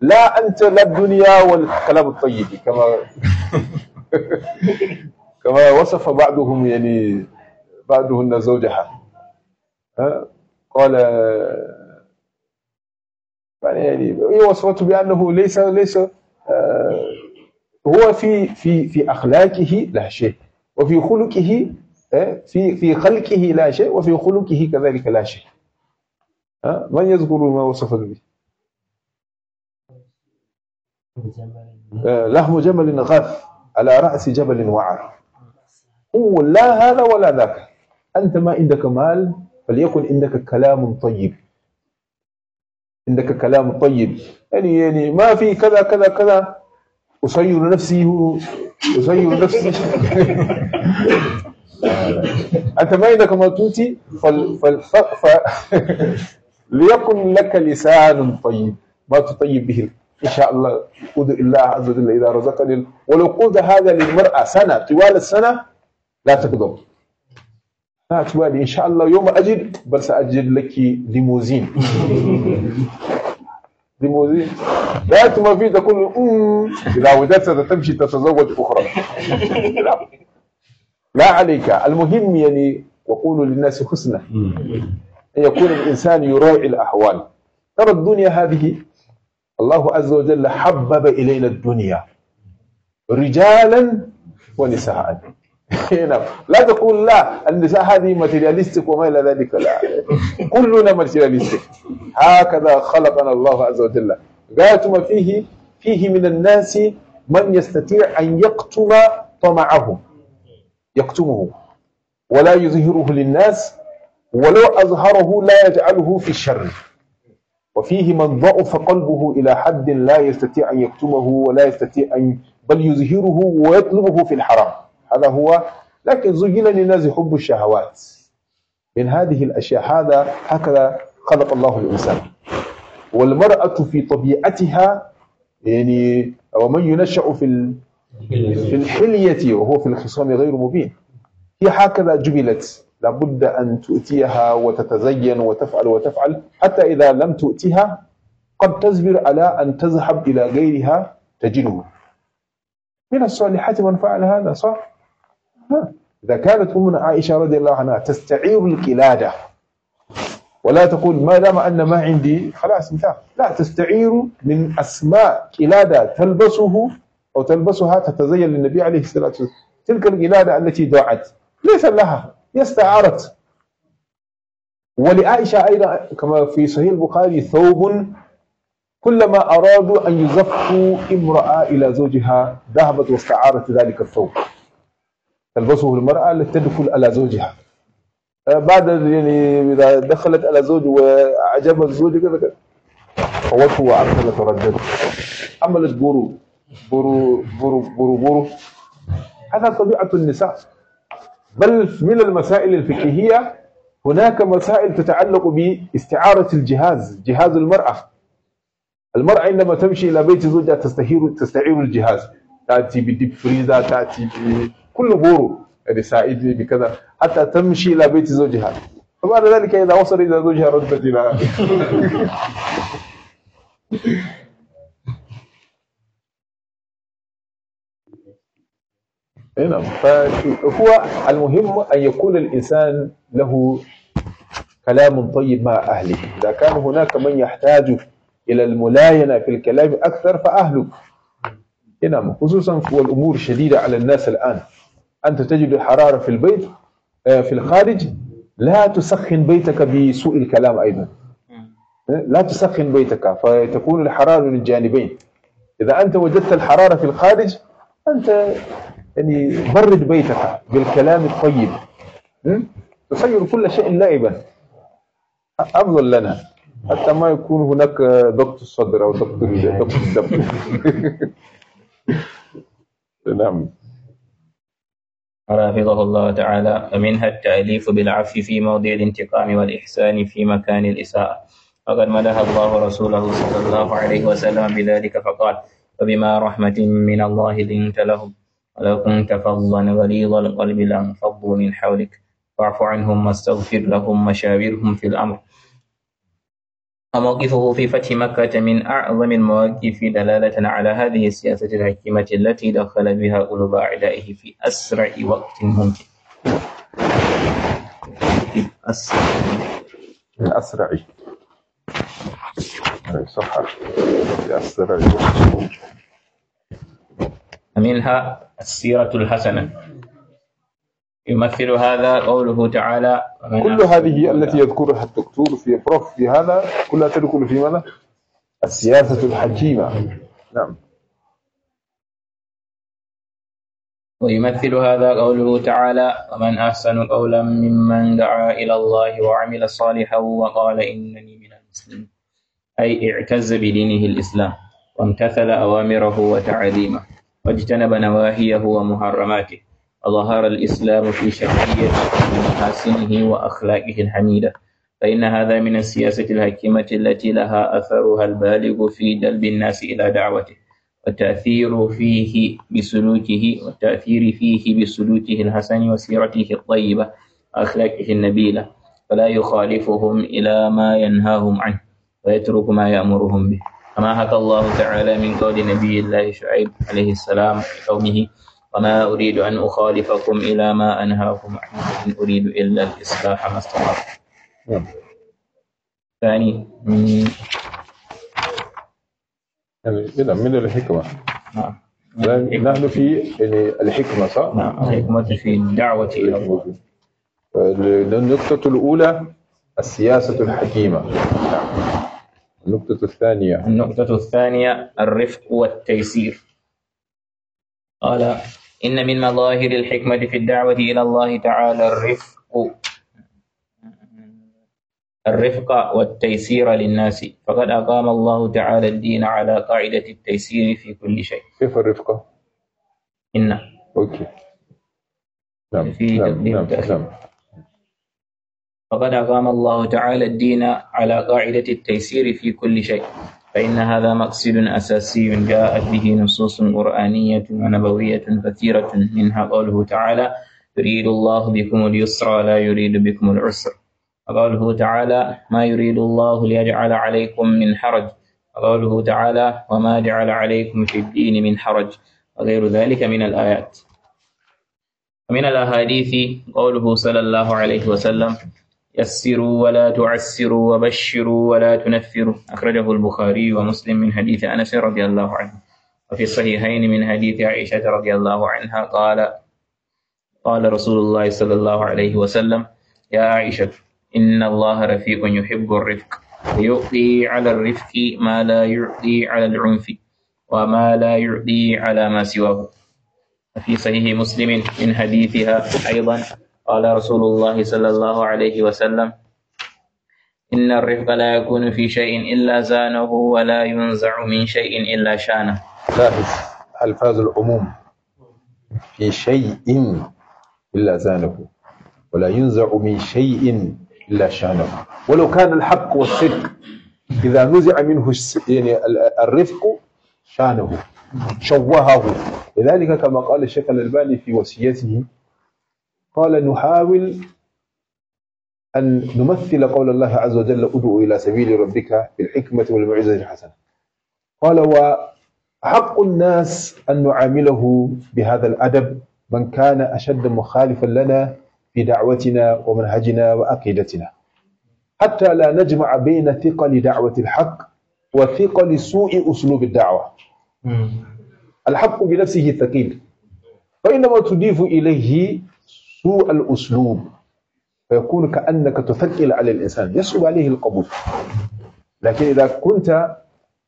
لا أنت لا الدنيا والكلام الطيب كما *laughs* كما وصف بعضهم يعني بعضهن زوجها قال يعني وصفته بأنه ليس ليس آه، هو في في في اخلاقه لا شيء وفي خلقه آه، في في خلقه لا شيء وفي خلقه كذلك لا شيء آه، من يذكر ما وصف به؟ لحم جمل غاف على راس جبل وعر هو لا هذا ولا ذاك انت ما عندك مال فليكن عندك كلام طيب عندك كلام طيب يعني يعني ما في كذا كذا كذا أسير نفسي أسير نفسي *laughs* أنت ما عندك ما تنتي فليكن *laughs* ليكن لك لسان طيب ما تطيب به إن شاء الله قد الله عز وجل إذا رزقني ولو قلت هذا للمرأة سنة طوال السنة لا تكذب تبالي ان شاء الله يوم اجد بل ساجد لك ليموزين ليموزين لا تما تقول أمم، اذا وجدت ستمشي تتزوج اخرى *laughs* لا. عليك المهم يعني وقولوا للناس حسنة ان يكون الانسان يراعي الاحوال ترى الدنيا هذه الله عز وجل حبب الينا الدنيا رجالا ونساء *laughs* نعم. لا تقول لا النساء هذه ماتيرياليستيك وما الى ذلك لا كلنا ماتيرياليستيك هكذا خلقنا الله عز وجل غايه ما فيه فيه من الناس من يستطيع ان يقتم طمعه يكتمه ولا يظهره للناس ولو أظهره لا يجعله في الشر وفيه من ضعف قلبه إلى حد لا يستطيع أن يكتمه ولا يستطيع أن بل يظهره ويطلبه في الحرام هذا هو لكن زجل للناس حب الشهوات من هذه الأشياء هذا هكذا خلق الله الإنسان والمرأة في طبيعتها يعني ومن ينشأ في في الحلية وهو في الخصام غير مبين هي هكذا جبلت لابد أن تؤتيها وتتزين وتفعل وتفعل حتى إذا لم تؤتها قد تزبر على أن تذهب إلى غيرها تجنه من الصالحات من فعل هذا صح إذا كانت أمنا عائشة رضي الله عنها تستعير القلادة ولا تقول ما دام أن ما عندي خلاص انتهى لا تستعير من أسماء قلادة تلبسه أو تلبسها تتزين للنبي عليه الصلاة والسلام تلك القلادة التي دعت ليس لها هي استعارت ولعائشة أيضا كما في صحيح البخاري ثوب كلما أرادوا أن يزفوا امرأة إلى زوجها ذهبت واستعارت ذلك الثوب تلبسه المرأة لتدخل على زوجها آه، بعد يعني إذا دخلت على زوج وأعجب الزوج كذا كذا فوته وعرفت تردد عملت برو برو برو برو برو هذا طبيعة النساء بل من المسائل الفقهية هناك مسائل تتعلق باستعارة الجهاز جهاز المرأة المرأة عندما تمشي إلى بيت زوجها تستعير تستعير الجهاز تأتي بديب فريزر تأتي ب كل بورو لسائدي يعني بكذا حتى تمشي إلى بيت زوجها وبعد ذلك إذا وصل إلى زوجها ردت *laughs* إلى نعم فهو المهم أن يكون الإنسان له كلام طيب مع أهله إذا كان هناك من يحتاج إلى الملاينة في الكلام أكثر فأهله إيه نعم خصوصا والأمور شديدة على الناس الآن أنت تجد الحرارة في البيت آه، في الخارج لا تسخن بيتك بسوء الكلام أيضا لا تسخن بيتك فتكون الحرارة للجانبين إذا أنت وجدت الحرارة في الخارج أنت يعني برد بيتك بالكلام الطيب تصير كل شيء لائبا أفضل لنا حتى ما يكون هناك ضغط الصدر أو ضغط الدم *laughs* نعم رافضه الله تعالى ومنها التأليف بالعفو في موضع الانتقام والإحسان في مكان الإساءة وقد مدح الله رسوله صلى الله عليه وسلم بذلك فقال فبما رحمة من الله لنت لهم ولو كنت فظا غليظ القلب لانفضوا من حولك فاعف عنهم واستغفر لهم وشاورهم في الأمر وموقفه في فتح مكة من أعظم المواقف دلالة على هذه السياسة الحكيمة التي دخل بها قلوب أعدائه في أسرع وقت ممكن في أسرع أسرع أسرع وقت منها السيرة الحسنة يمثل هذا قوله تعالى كل هذه التي يذكرها الدكتور في بروف في هذا كلها تدخل في ماذا؟ السياسة الحكيمة نعم ويمثل هذا قوله تعالى ومن أحسن قولا ممن دعا إلى الله وعمل صالحا وقال إنني من المسلمين أي اعتز بدينه الإسلام وامتثل أوامره وتعليمه واجتنب نواهيه ومحرماته وظهر الإسلام في شخصية محاسنه وأخلاقه الحميدة فإن هذا من السياسة الحكيمة التي لها أثرها البالغ في دلب الناس إلى دعوته والتأثير فيه بسلوكه والتأثير فيه بسلوكه الحسن وسيرته الطيبة وأخلاقه النبيلة فلا يخالفهم إلى ما ينهاهم عنه ويترك ما يأمرهم به كما حكى الله تعالى من قول نبي الله شعيب عليه السلام لقومه وما أريد أن أخالفكم إلى ما أنهاكم عنه إن أريد إلا الإصلاح ما استطعت نعم. ثاني كده يعني من الحكمة نعم نحن في يعني الحكمة صح؟ نعم الحكمة في الدعوة إلى الله النقطة الأولى السياسة الحكيمة النقطة الثانية النقطة الثانية الرفق والتيسير قال إن من مظاهر الحكمة في الدعوة إلى الله تعالى الرفق الرفق والتيسير للناس فقد أقام الله تعالى الدين على قاعدة التيسير في كل شيء كيف الرفقة؟ إن أوكي نعم في نعم نعم, نعم. فقد أقام الله تعالى الدين على قاعدة التيسير في كل شيء فإن هذا مقصد أساسي جاءت به نصوص قرآنية ونبوية كثيرة منها قوله تعالى يريد الله بكم اليسر ولا يريد بكم العسر وقوله تعالى ما يريد الله ليجعل عليكم من حرج وقوله تعالى وما جعل عليكم في الدين من حرج وغير ذلك من الآيات ومن الأحاديث قوله صلى الله عليه وسلم يسروا ولا تعسروا وبشروا ولا تنفروا أخرجه البخاري ومسلم من حديث أنس رضي الله عنه وفي الصحيحين من حديث عائشة رضي الله عنها قال قال رسول الله صلى الله عليه وسلم يا عائشة إن الله رفيق يحب الرفق يعطي على الرفق ما لا يعطي على العنف وما لا يعطي على ما سواه وفي صحيح مسلم من حديثها أيضا قال رسول الله صلى الله عليه وسلم إن الرفق لا يكون في شيء إلا زانه ولا ينزع من شيء إلا شانه لاحظ ألفاظ العموم في شيء إلا زانه ولا ينزع من شيء إلا شانه ولو كان الحق والصدق إذا نزع منه يعني الرفق شانه شوهه لذلك كما قال الشيخ الألباني في وصيته قال نحاول أن نمثل قول الله عز وجل ادعو إلى سبيل ربك بالحكمة والموعظة الحسنة قال وحق الناس أن نعامله بهذا الأدب من كان أشد مخالفا لنا في دعوتنا ومنهجنا وعقيدتنا حتى لا نجمع بين ثقل دعوة الحق وثقل سوء أسلوب الدعوة الحق بنفسه ثقيل فإنما تضيف إليه سوء الأسلوب فيكون كأنك تثقل على الإنسان يصعب عليه القبول لكن إذا كنت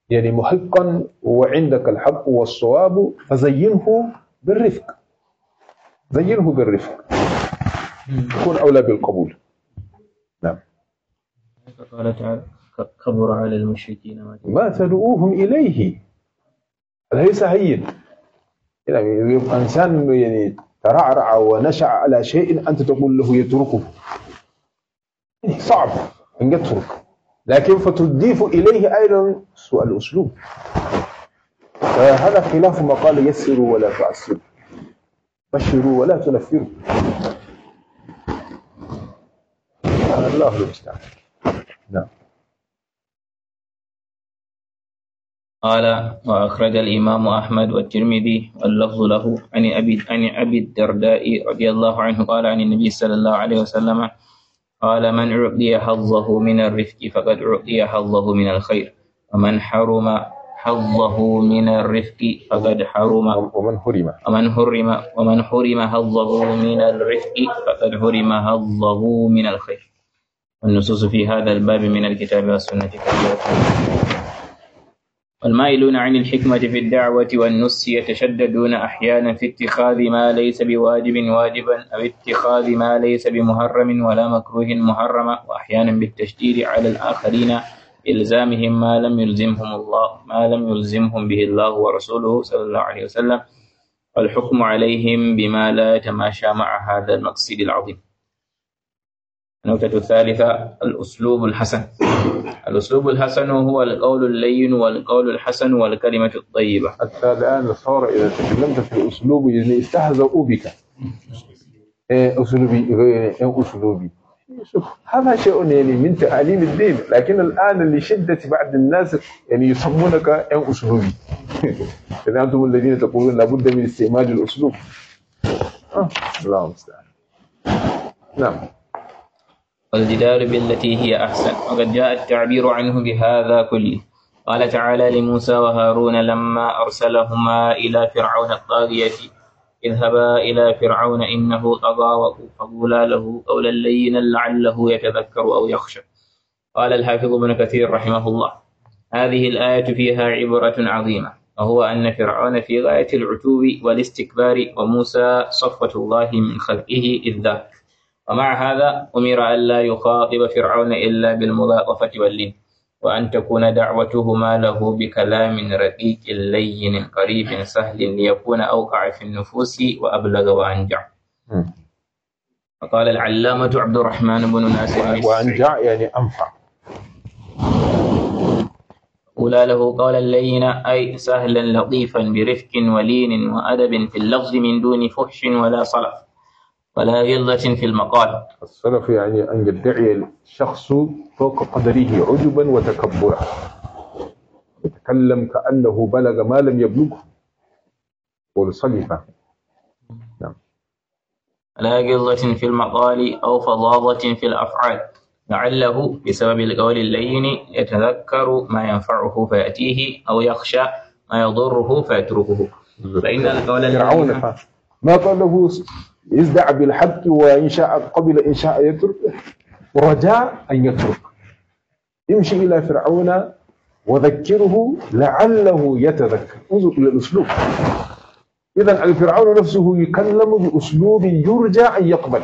يعني محقا وعندك الحق والصواب فزينه بالرفق زينه بالرفق يكون أولى بالقبول نعم قال تعالى كبر على المشركين ما تدعوهم إليه ليس هين يعني إنسان يعني ترعرع ونشأ على شيء أنت تقول له يتركه صعب أن يترك لكن فتضيف إليه أيضا سوء الأسلوب فهذا خلاف ما قال يسروا ولا تعسروا بشروا ولا تنفروا الله المستعان نعم قال وأخرج الإمام أحمد والترمذي واللفظ له عن أبي عن أبي الدرداء رضي الله عنه قال عن النبي صلى الله عليه وسلم قال من أعطي حظه من الرفق فقد أعطي حظه من الخير ومن حرم حظه من الرفق فقد حرم ومن حرم ومن حرم ومن حرم حظه من الرفق فقد حرم حظه من الخير النصوص في هذا الباب من الكتاب والسنة كثيرة والمائلون عن الحكمة في الدعوة والنص يتشددون أحيانا في اتخاذ ما ليس بواجب واجبا أو اتخاذ ما ليس بمحرم ولا مكروه محرما وأحيانا بالتشديد على الآخرين إلزامهم ما لم يلزمهم الله ما لم يلزمهم به الله ورسوله صلى الله عليه وسلم والحكم عليهم بما لا يتماشى مع هذا المقصد العظيم النقطة الثالثة الأسلوب الحسن الأسلوب الحسن هو القول اللين والقول الحسن والكلمة الطيبة حتى الآن صار إذا تكلمت في الأسلوب يعني استهزأوا بك إيه، أسلوبي إيه، أسلوبي شوف هذا شيء يعني من تعاليم الدين لكن الآن اللي شدة بعض الناس يعني يسمونك إيه، أسلوبي *laughs* إذا أنتم الذين تقولون لابد من استعمال الأسلوب آه. الله المستعان نعم والجدار بالتي هي أحسن وقد جاء التعبير عنه بهذا كله قال تعالى لموسى وهارون لما أرسلهما إلى فرعون الطاغية اذهبا إلى فرعون إنه طغى فقولا له قولا لينا لعله يتذكر أو يخشى قال الحافظ ابن كثير رحمه الله هذه الآية فيها عبرة عظيمة وهو أن فرعون في غاية العتو والاستكبار وموسى صفوة الله من خلقه إذ ذاك ومع هذا أمر ألا يخاطب فرعون إلا بالملاطفة واللين وأن تكون دعوتهما له بكلام رقيق لين قريب سهل ليكون أوقع في النفوس وأبلغ وأنجع وقال العلامة عبد الرحمن بن ناصر وأنجع يعني أنفع أولى له قال اللين أي سهلا لطيفا برفق ولين وأدب في اللفظ من دون فحش ولا صلف ولا غلة في المقال السلف يعني أن يدعي الشخص فوق قدره عجبا وتكبرا يتكلم كأنه بلغ ما لم يبلغه والصلفة نعم ولا غلة في المقال أو فظاظة في الأفعال لعله بسبب القول اللين يتذكر ما ينفعه فيأتيه أو يخشى ما يضره فيتركه نعم. فإن القول اللين ما قاله يزدع بالحق وإن شاء قبل إن شاء يترك رجاء أن يترك يمشي إلى فرعون وذكره لعله يتذكر انظر إلى الأسلوب إذا الفرعون نفسه يكلم بأسلوب يرجى أن يقبل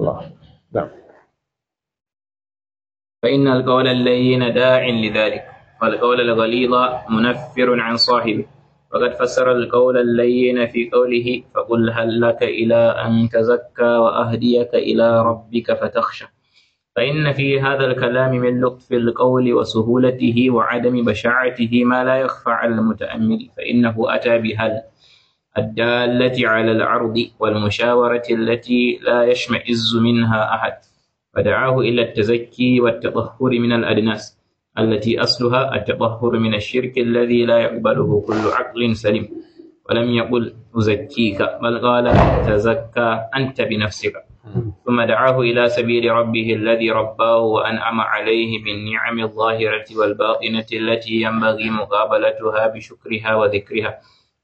الله نعم فإن القول اللين داع لذلك والقول الغليظ منفر عن صاحبه وقد فسر القول اللين في قوله فقل هل لك إلى أن تزكى وأهديك إلى ربك فتخشى فإن في هذا الكلام من لطف القول وسهولته وعدم بشاعته ما لا يخفى على المتأمل فإنه أتى بهل الدالة على العرض والمشاورة التي لا يشمئز منها أحد ودعاه إلى التزكي والتطهر من الأدناس التي أصلها التطهر من الشرك الذي لا يقبله كل عقل سليم ولم يقل أزكيك بل قال تزكى أنت بنفسك ثم دعاه إلى سبيل ربه الذي رباه وأنعم عليه بالنعم الظاهرة والباطنة التي ينبغي مقابلتها بشكرها وذكرها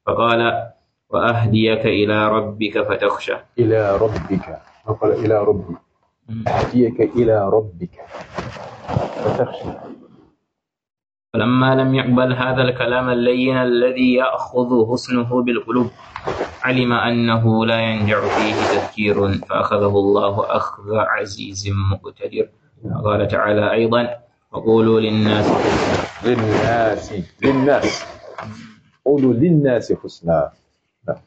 فقال وأهديك إلى ربك فتخشى إلى ربك فقال إلى ربك أهديك إلى ربك فتخشى فلما لم يقبل هذا الكلام اللين الذي يأخذ حسنه بالقلوب علم أنه لا ينجع فيه تذكير فأخذه الله أخذ عزيز مقتدر قال تعالى أيضا وقولوا للناس حسنا للناس للناس قولوا للناس حسنا نعم.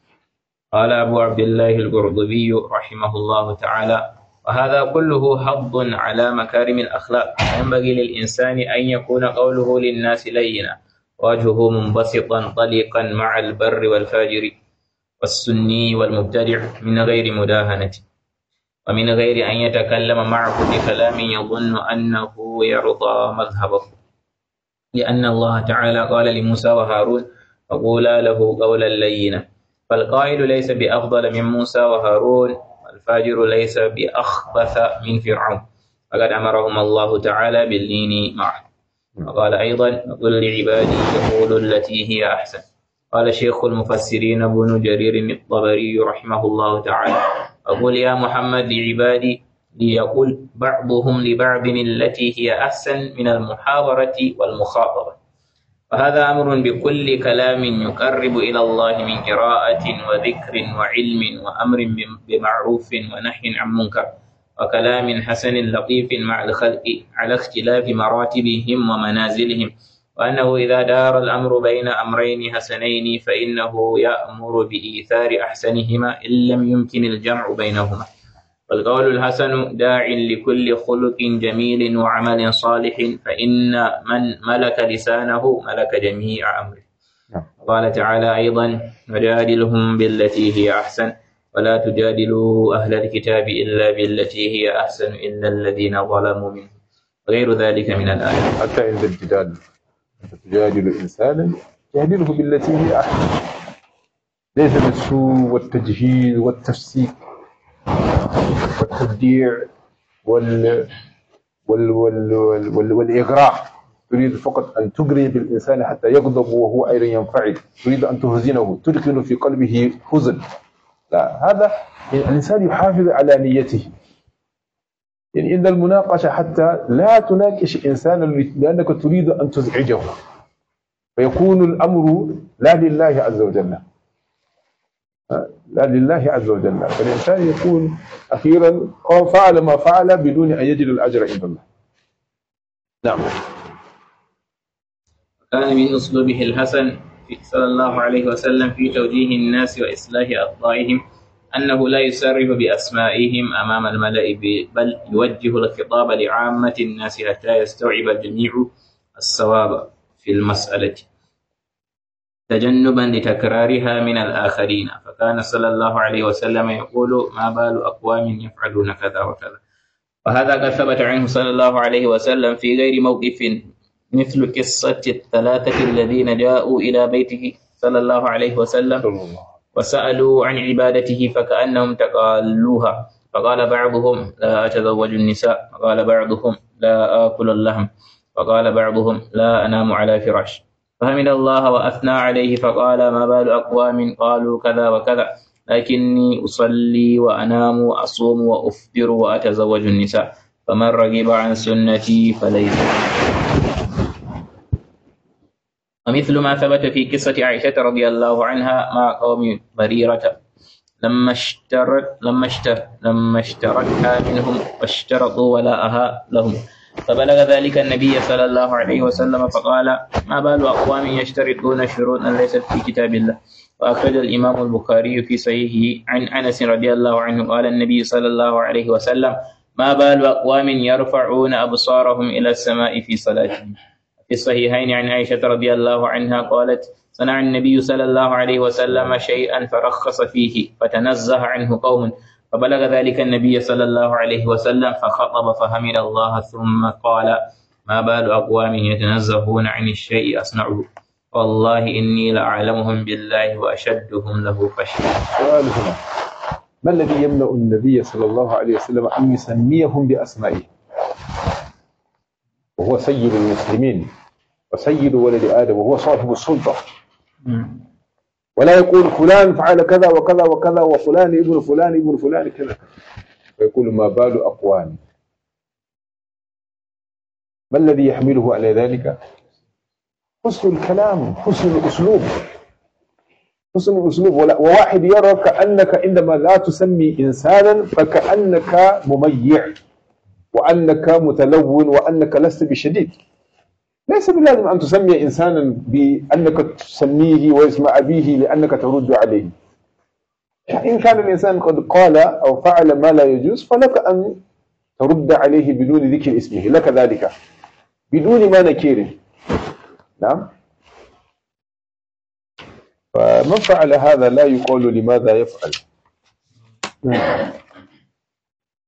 قال أبو عبد الله القرضبي رحمه الله تعالى وهذا كله حض على مكارم الأخلاق ينبغي للإنسان أن يكون قوله للناس لينا وجهه منبسطا طليقا مع البر والفاجر والسني والمبتدع من غير مداهنة ومن غير أن يتكلم معه بكلام يظن أنه يرضى مذهبه لأن الله تعالى قال لموسى وهارون فقولا له قولا لينا فالقائل ليس بأفضل من موسى وهارون الفاجر ليس بأخبث من فرعون فقد أمرهم الله تعالى باللين معه وقال أيضا قل لعبادي يقول التي هي أحسن قال شيخ المفسرين ابن جرير الطبري رحمه الله تعالى أقول يا محمد لعبادي ليقول بعضهم لبعض التي هي أحسن من المحاورة والمخاطبة وهذا أمر بكل كلام يقرب إلى الله من قراءة وذكر وعلم وأمر بمعروف ونهي عن منكر وكلام حسن لطيف مع الخلق على اختلاف مراتبهم ومنازلهم وأنه إذا دار الأمر بين أمرين حسنين فإنه يأمر بإيثار أحسنهما إن لم يمكن الجمع بينهما والقول الحسن داع لكل خلق جميل وعمل صالح فإن من ملك لسانه ملك جميع أمره نعم. قال تعالى أيضا وجادلهم بالتي هي أحسن ولا تجادلوا أهل الكتاب إلا بالتي هي أحسن إلا الذين ظلموا منه غير ذلك من الآية حتى عند الجدال تجادل إنسانا جادله بالتي هي أحسن ليس بالسوء والتجهيل والتفسيق والتبديع وال وال وال وال وال والإغراء تريد فقط أن تجري بالإنسان حتى يغضب وهو أيضا ينفعل تريد أن تهزنه تلقن في قلبه حزن لا هذا الإنسان يحافظ على نيته يعني عند المناقشة حتى لا تناقش إنسانا لأنك تريد أن تزعجه فيكون الأمر لا لله عز وجل لا لله عز وجل فالإنسان يكون أخيرا قام فعل ما فعل بدون أن يجد الأجر عند الله نعم كان من أسلوبه الحسن صلى الله عليه وسلم في توجيه الناس وإصلاح أخطائهم أنه لا يسرف بأسمائهم أمام الملأ بل يوجه الخطاب لعامة الناس حتى يستوعب الجميع الصواب في المسألة تجنبا لتكرارها من الآخرين فكان صلى الله عليه وسلم يقول ما بال أقوام يفعلون كذا وكذا وهذا قد ثبت عنه صلى الله عليه وسلم في غير موقف مثل قصة الثلاثة الذين جاءوا إلى بيته صلى الله عليه وسلم وسألوا عن عبادته فكأنهم تقالوها فقال بعضهم لا أتزوج النساء وقال بعضهم لا آكل اللحم وقال بعضهم لا أنام على فراش فحمد الله وأثنى عليه فقال ما بال أقوام قالوا كذا وكذا لكني أصلي وأنام وأصوم وأفطر وأتزوج النساء فمن رغب عن سنتي فليس ومثل ما ثبت في قصة عائشة رضي الله عنها مع قوم بريرة لما اشترت لما اشترت لما اشترتها منهم واشترطوا ولاءها لهم فبلغ ذلك النبي صلى الله عليه وسلم فقال ما بال أقوام يشترطون شروطا ليست في كتاب الله وأخرج الإمام البخاري في صحيحه عن أنس رضي الله عنه قال النبي صلى الله عليه وسلم ما بال أقوام يرفعون أبصارهم إلى السماء في صلاتهم في الصحيحين عن عائشة رضي الله عنها قالت صنع النبي صلى الله عليه وسلم شيئا فرخص فيه فتنزه عنه قوم فبلغ ذلك النبي صلى الله عليه وسلم فخطب فهمل الله ثم قال ما بال أقوام يتنزهون عن الشيء أصنعه والله إني لأعلمهم بالله وأشدهم له خشية سؤال هنا ما الذي يملأ النبي صلى الله عليه وسلم أن يسميهم بأسمائه وهو سيد المسلمين وسيد ولد آدم وهو صاحب السلطة ولا يقول فلان فعل كذا وكذا وكذا وفلان ابن فلان ابن فلان كذا فيقول ما بال أقوام ما الذي يحمله على ذلك حسن الكلام حسن الأسلوب حسن الأسلوب وواحد يرى كأنك عندما لا تسمي إنسانا فكأنك مميع وأنك متلون وأنك لست بشديد ليس بلازم أن تسمي إنسانا بأنك تسميه واسم أبيه لأنك ترد عليه يعني إن كان الإنسان قد قال أو فعل ما لا يجوز فلك أن ترد عليه بدون ذكر اسمه لك ذلك بدون ما نكير نعم فمن فعل هذا لا يقول لماذا يفعل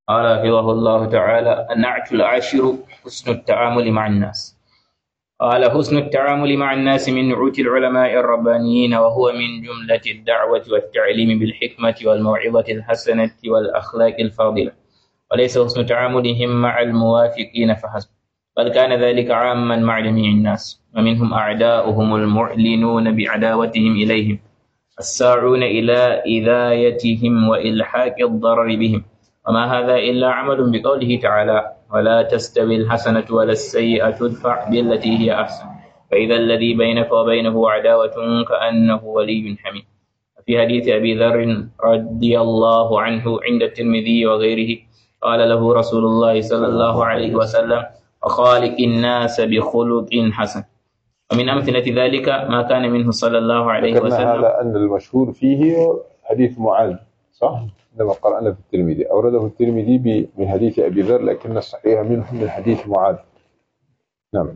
قال حفظه الله تعالى النعت العاشر حسن التعامل مع الناس قال حسن التعامل مع الناس من نعوت العلماء الربانيين وهو من جملة الدعوة والتعليم بالحكمة والموعظة الحسنة والأخلاق الفاضلة وليس حسن تعاملهم مع الموافقين فحسب بل كان ذلك عاما مع جميع الناس ومنهم أعداؤهم المعلنون بعداوتهم إليهم الساعون إلى إذايتهم وإلحاق الضرر بهم وما هذا إلا عمل بقوله تعالى ولا تستوي الحسنة ولا السيئة تدفع بالتي هي أحسن فإذا الذي بينك وبينه عداوة كأنه ولي حميد في حديث أبي ذر رضي الله عنه عند الترمذي وغيره قال له رسول الله صلى الله عليه وسلم وخالق الناس بخلق حسن ومن أمثلة ذلك ما كان منه صلى الله عليه وسلم أن المشهور فيه حديث معاذ صح؟ إنما قرأنا في الترمذي أورده الترمذي من حديث أبي ذر لكن الصحيح منه من حديث معاذ نعم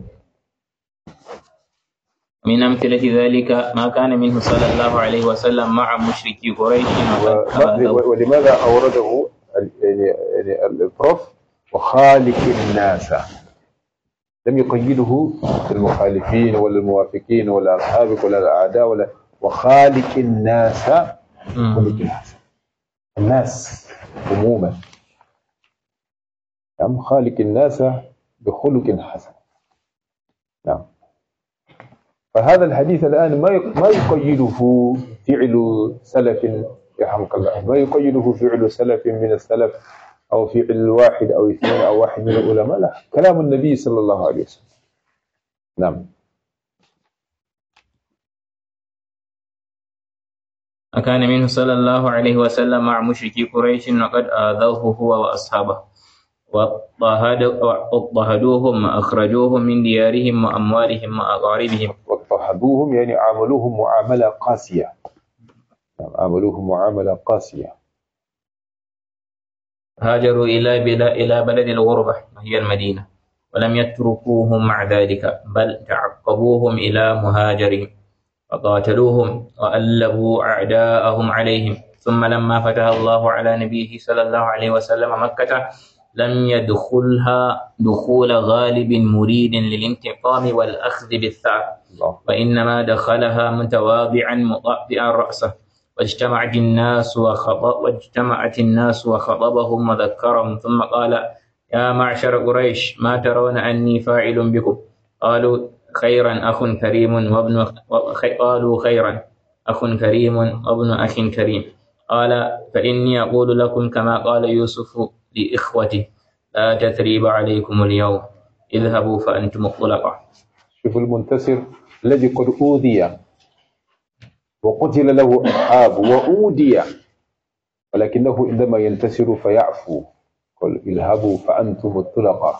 من أمثلة ذلك ما كان منه صلى الله عليه وسلم مع مشركي قريش ولماذا أورده يعني, يعني الإطراف وخالق الناس لم يقيده المخالفين ولا الموافقين ولا أصحابك ولا الأعداء ولا وخالق الناس خلق الناس الناس عموما نعم خالق الناس بخلق حسن نعم فهذا الحديث الآن ما ما يقيده فعل سلف يرحمك الله ما يقيده فعل سلف من السلف أو فعل واحد أو اثنين أو واحد من العلماء لا كلام النبي صلى الله عليه وسلم نعم وكان منه صلى الله عليه وسلم مع مشركي قريش وقد آذوه هو وأصحابه واضطهدوهم وأخرجوهم من ديارهم وأموالهم وأقاربهم واضطهدوهم يعني عاملوهم معاملة قاسية عاملوهم معاملة قاسية هاجروا إلى بلا إلى بلد الغربة وهي المدينة ولم يتركوهم مع ذلك بل تعقبوهم إلى مهاجرهم فقاتلوهم وألبوا أعداءهم عليهم ثم لما فتح الله على نبيه صلى الله عليه وسلم مكة لم يدخلها دخول غالب مريد للانتقام والأخذ بالثأر وإنما دخلها متواضعا مطبئا رأسه واجتمعت الناس وخطب واجتمعت الناس وخطبهم وذكرهم ثم قال يا معشر قريش ما ترون أني فاعل بكم قالوا خيرا أخ كريم وابن قالوا خيرا أخ كريم وابن أخ كريم قال فإني أقول لكم كما قال يوسف لإخوته لا تثريب عليكم اليوم اذهبوا فأنتم خلقاء شوف المنتصر الذي قد أوذي وقتل له أصحاب وأوذي ولكنه عندما ينتصر فيعفو قل اذهبوا فأنتم الطلقاء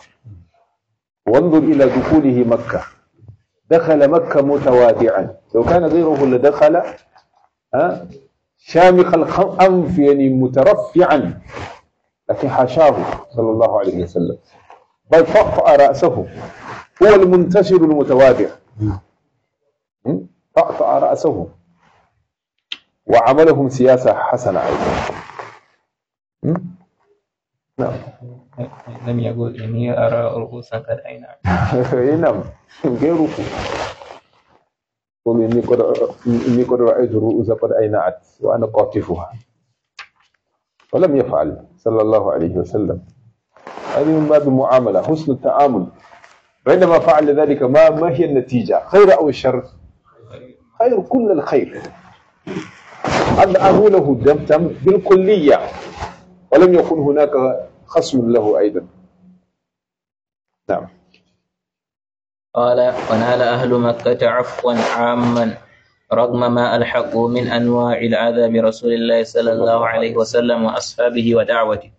وانظر إلى دخوله مكة دخل مكة متوادعا لو كان غيره لدخل ها شامخ الأنف يعني مترفعا لكن حاشاه صلى الله عليه وسلم بل فقع رأسه هو المنتشر المتوادع فقع رأسه وعملهم سياسة حسنة أيضا نعم. لم يقول إني أرى رؤوسا قد أينعت *laughs* أي نعم غير رؤوس قل إني قد إني قد رأيت رؤوسا قد أينعت وأنا قاطفها ولم يفعل صلى الله عليه وسلم هذه من باب المعاملة حسن التعامل وعندما فعل ذلك ما ما هي النتيجة خير أو شر خير كل الخير أن له دمتم بالكلية ولم يكن هناك خصم له أيضا نعم قال ونال أهل مكة عفوا عاما رغم ما ألحقوا من أنواع العذاب برسول الله صلى الله عليه وسلم وأصحابه ودعوته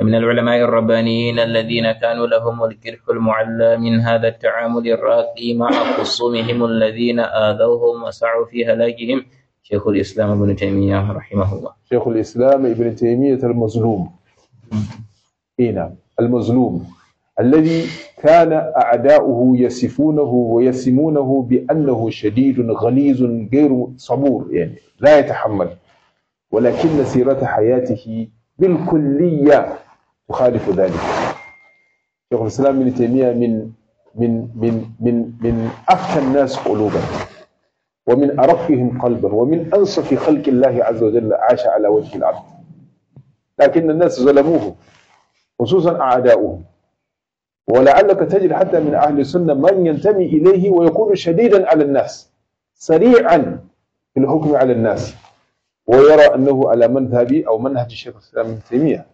ومن العلماء الربانيين الذين كانوا لهم الكرح المعلى من هذا التعامل الراقي مع خصومهم الذين آذوهم وسعوا في هلاكهم شيخ الإسلام ابن تيمية رحمه الله شيخ الإسلام ابن تيمية المظلوم إينا المظلوم الذي كان أعداؤه يصفونه ويسمونه بأنه شديد غليظ غير صبور يعني لا يتحمل ولكن سيرة حياته بالكلية تخالف ذلك شيخ الإسلام ابن تيمية من من من من من أفتى الناس قلوبا ومن أرقهم قلبا ومن أنصف خلق الله عز وجل عاش على وجه الأرض لكن الناس ظلموه خصوصا أعداؤه ولعلك تجد حتى من أهل السنة من ينتمي إليه ويكون شديدا على الناس سريعا في الحكم على الناس ويرى أنه على منذهب أو منهج الشيخ الإسلام ابن تيمية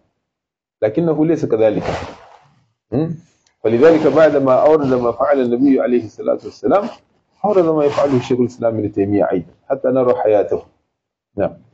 لكنه ليس كذلك فلذلك بعدما أورد ما فعل النبي عليه الصلاة والسلام أورد ما يفعله الشيخ الإسلام ابن تيمية أيضا حتى نرى حياته نعم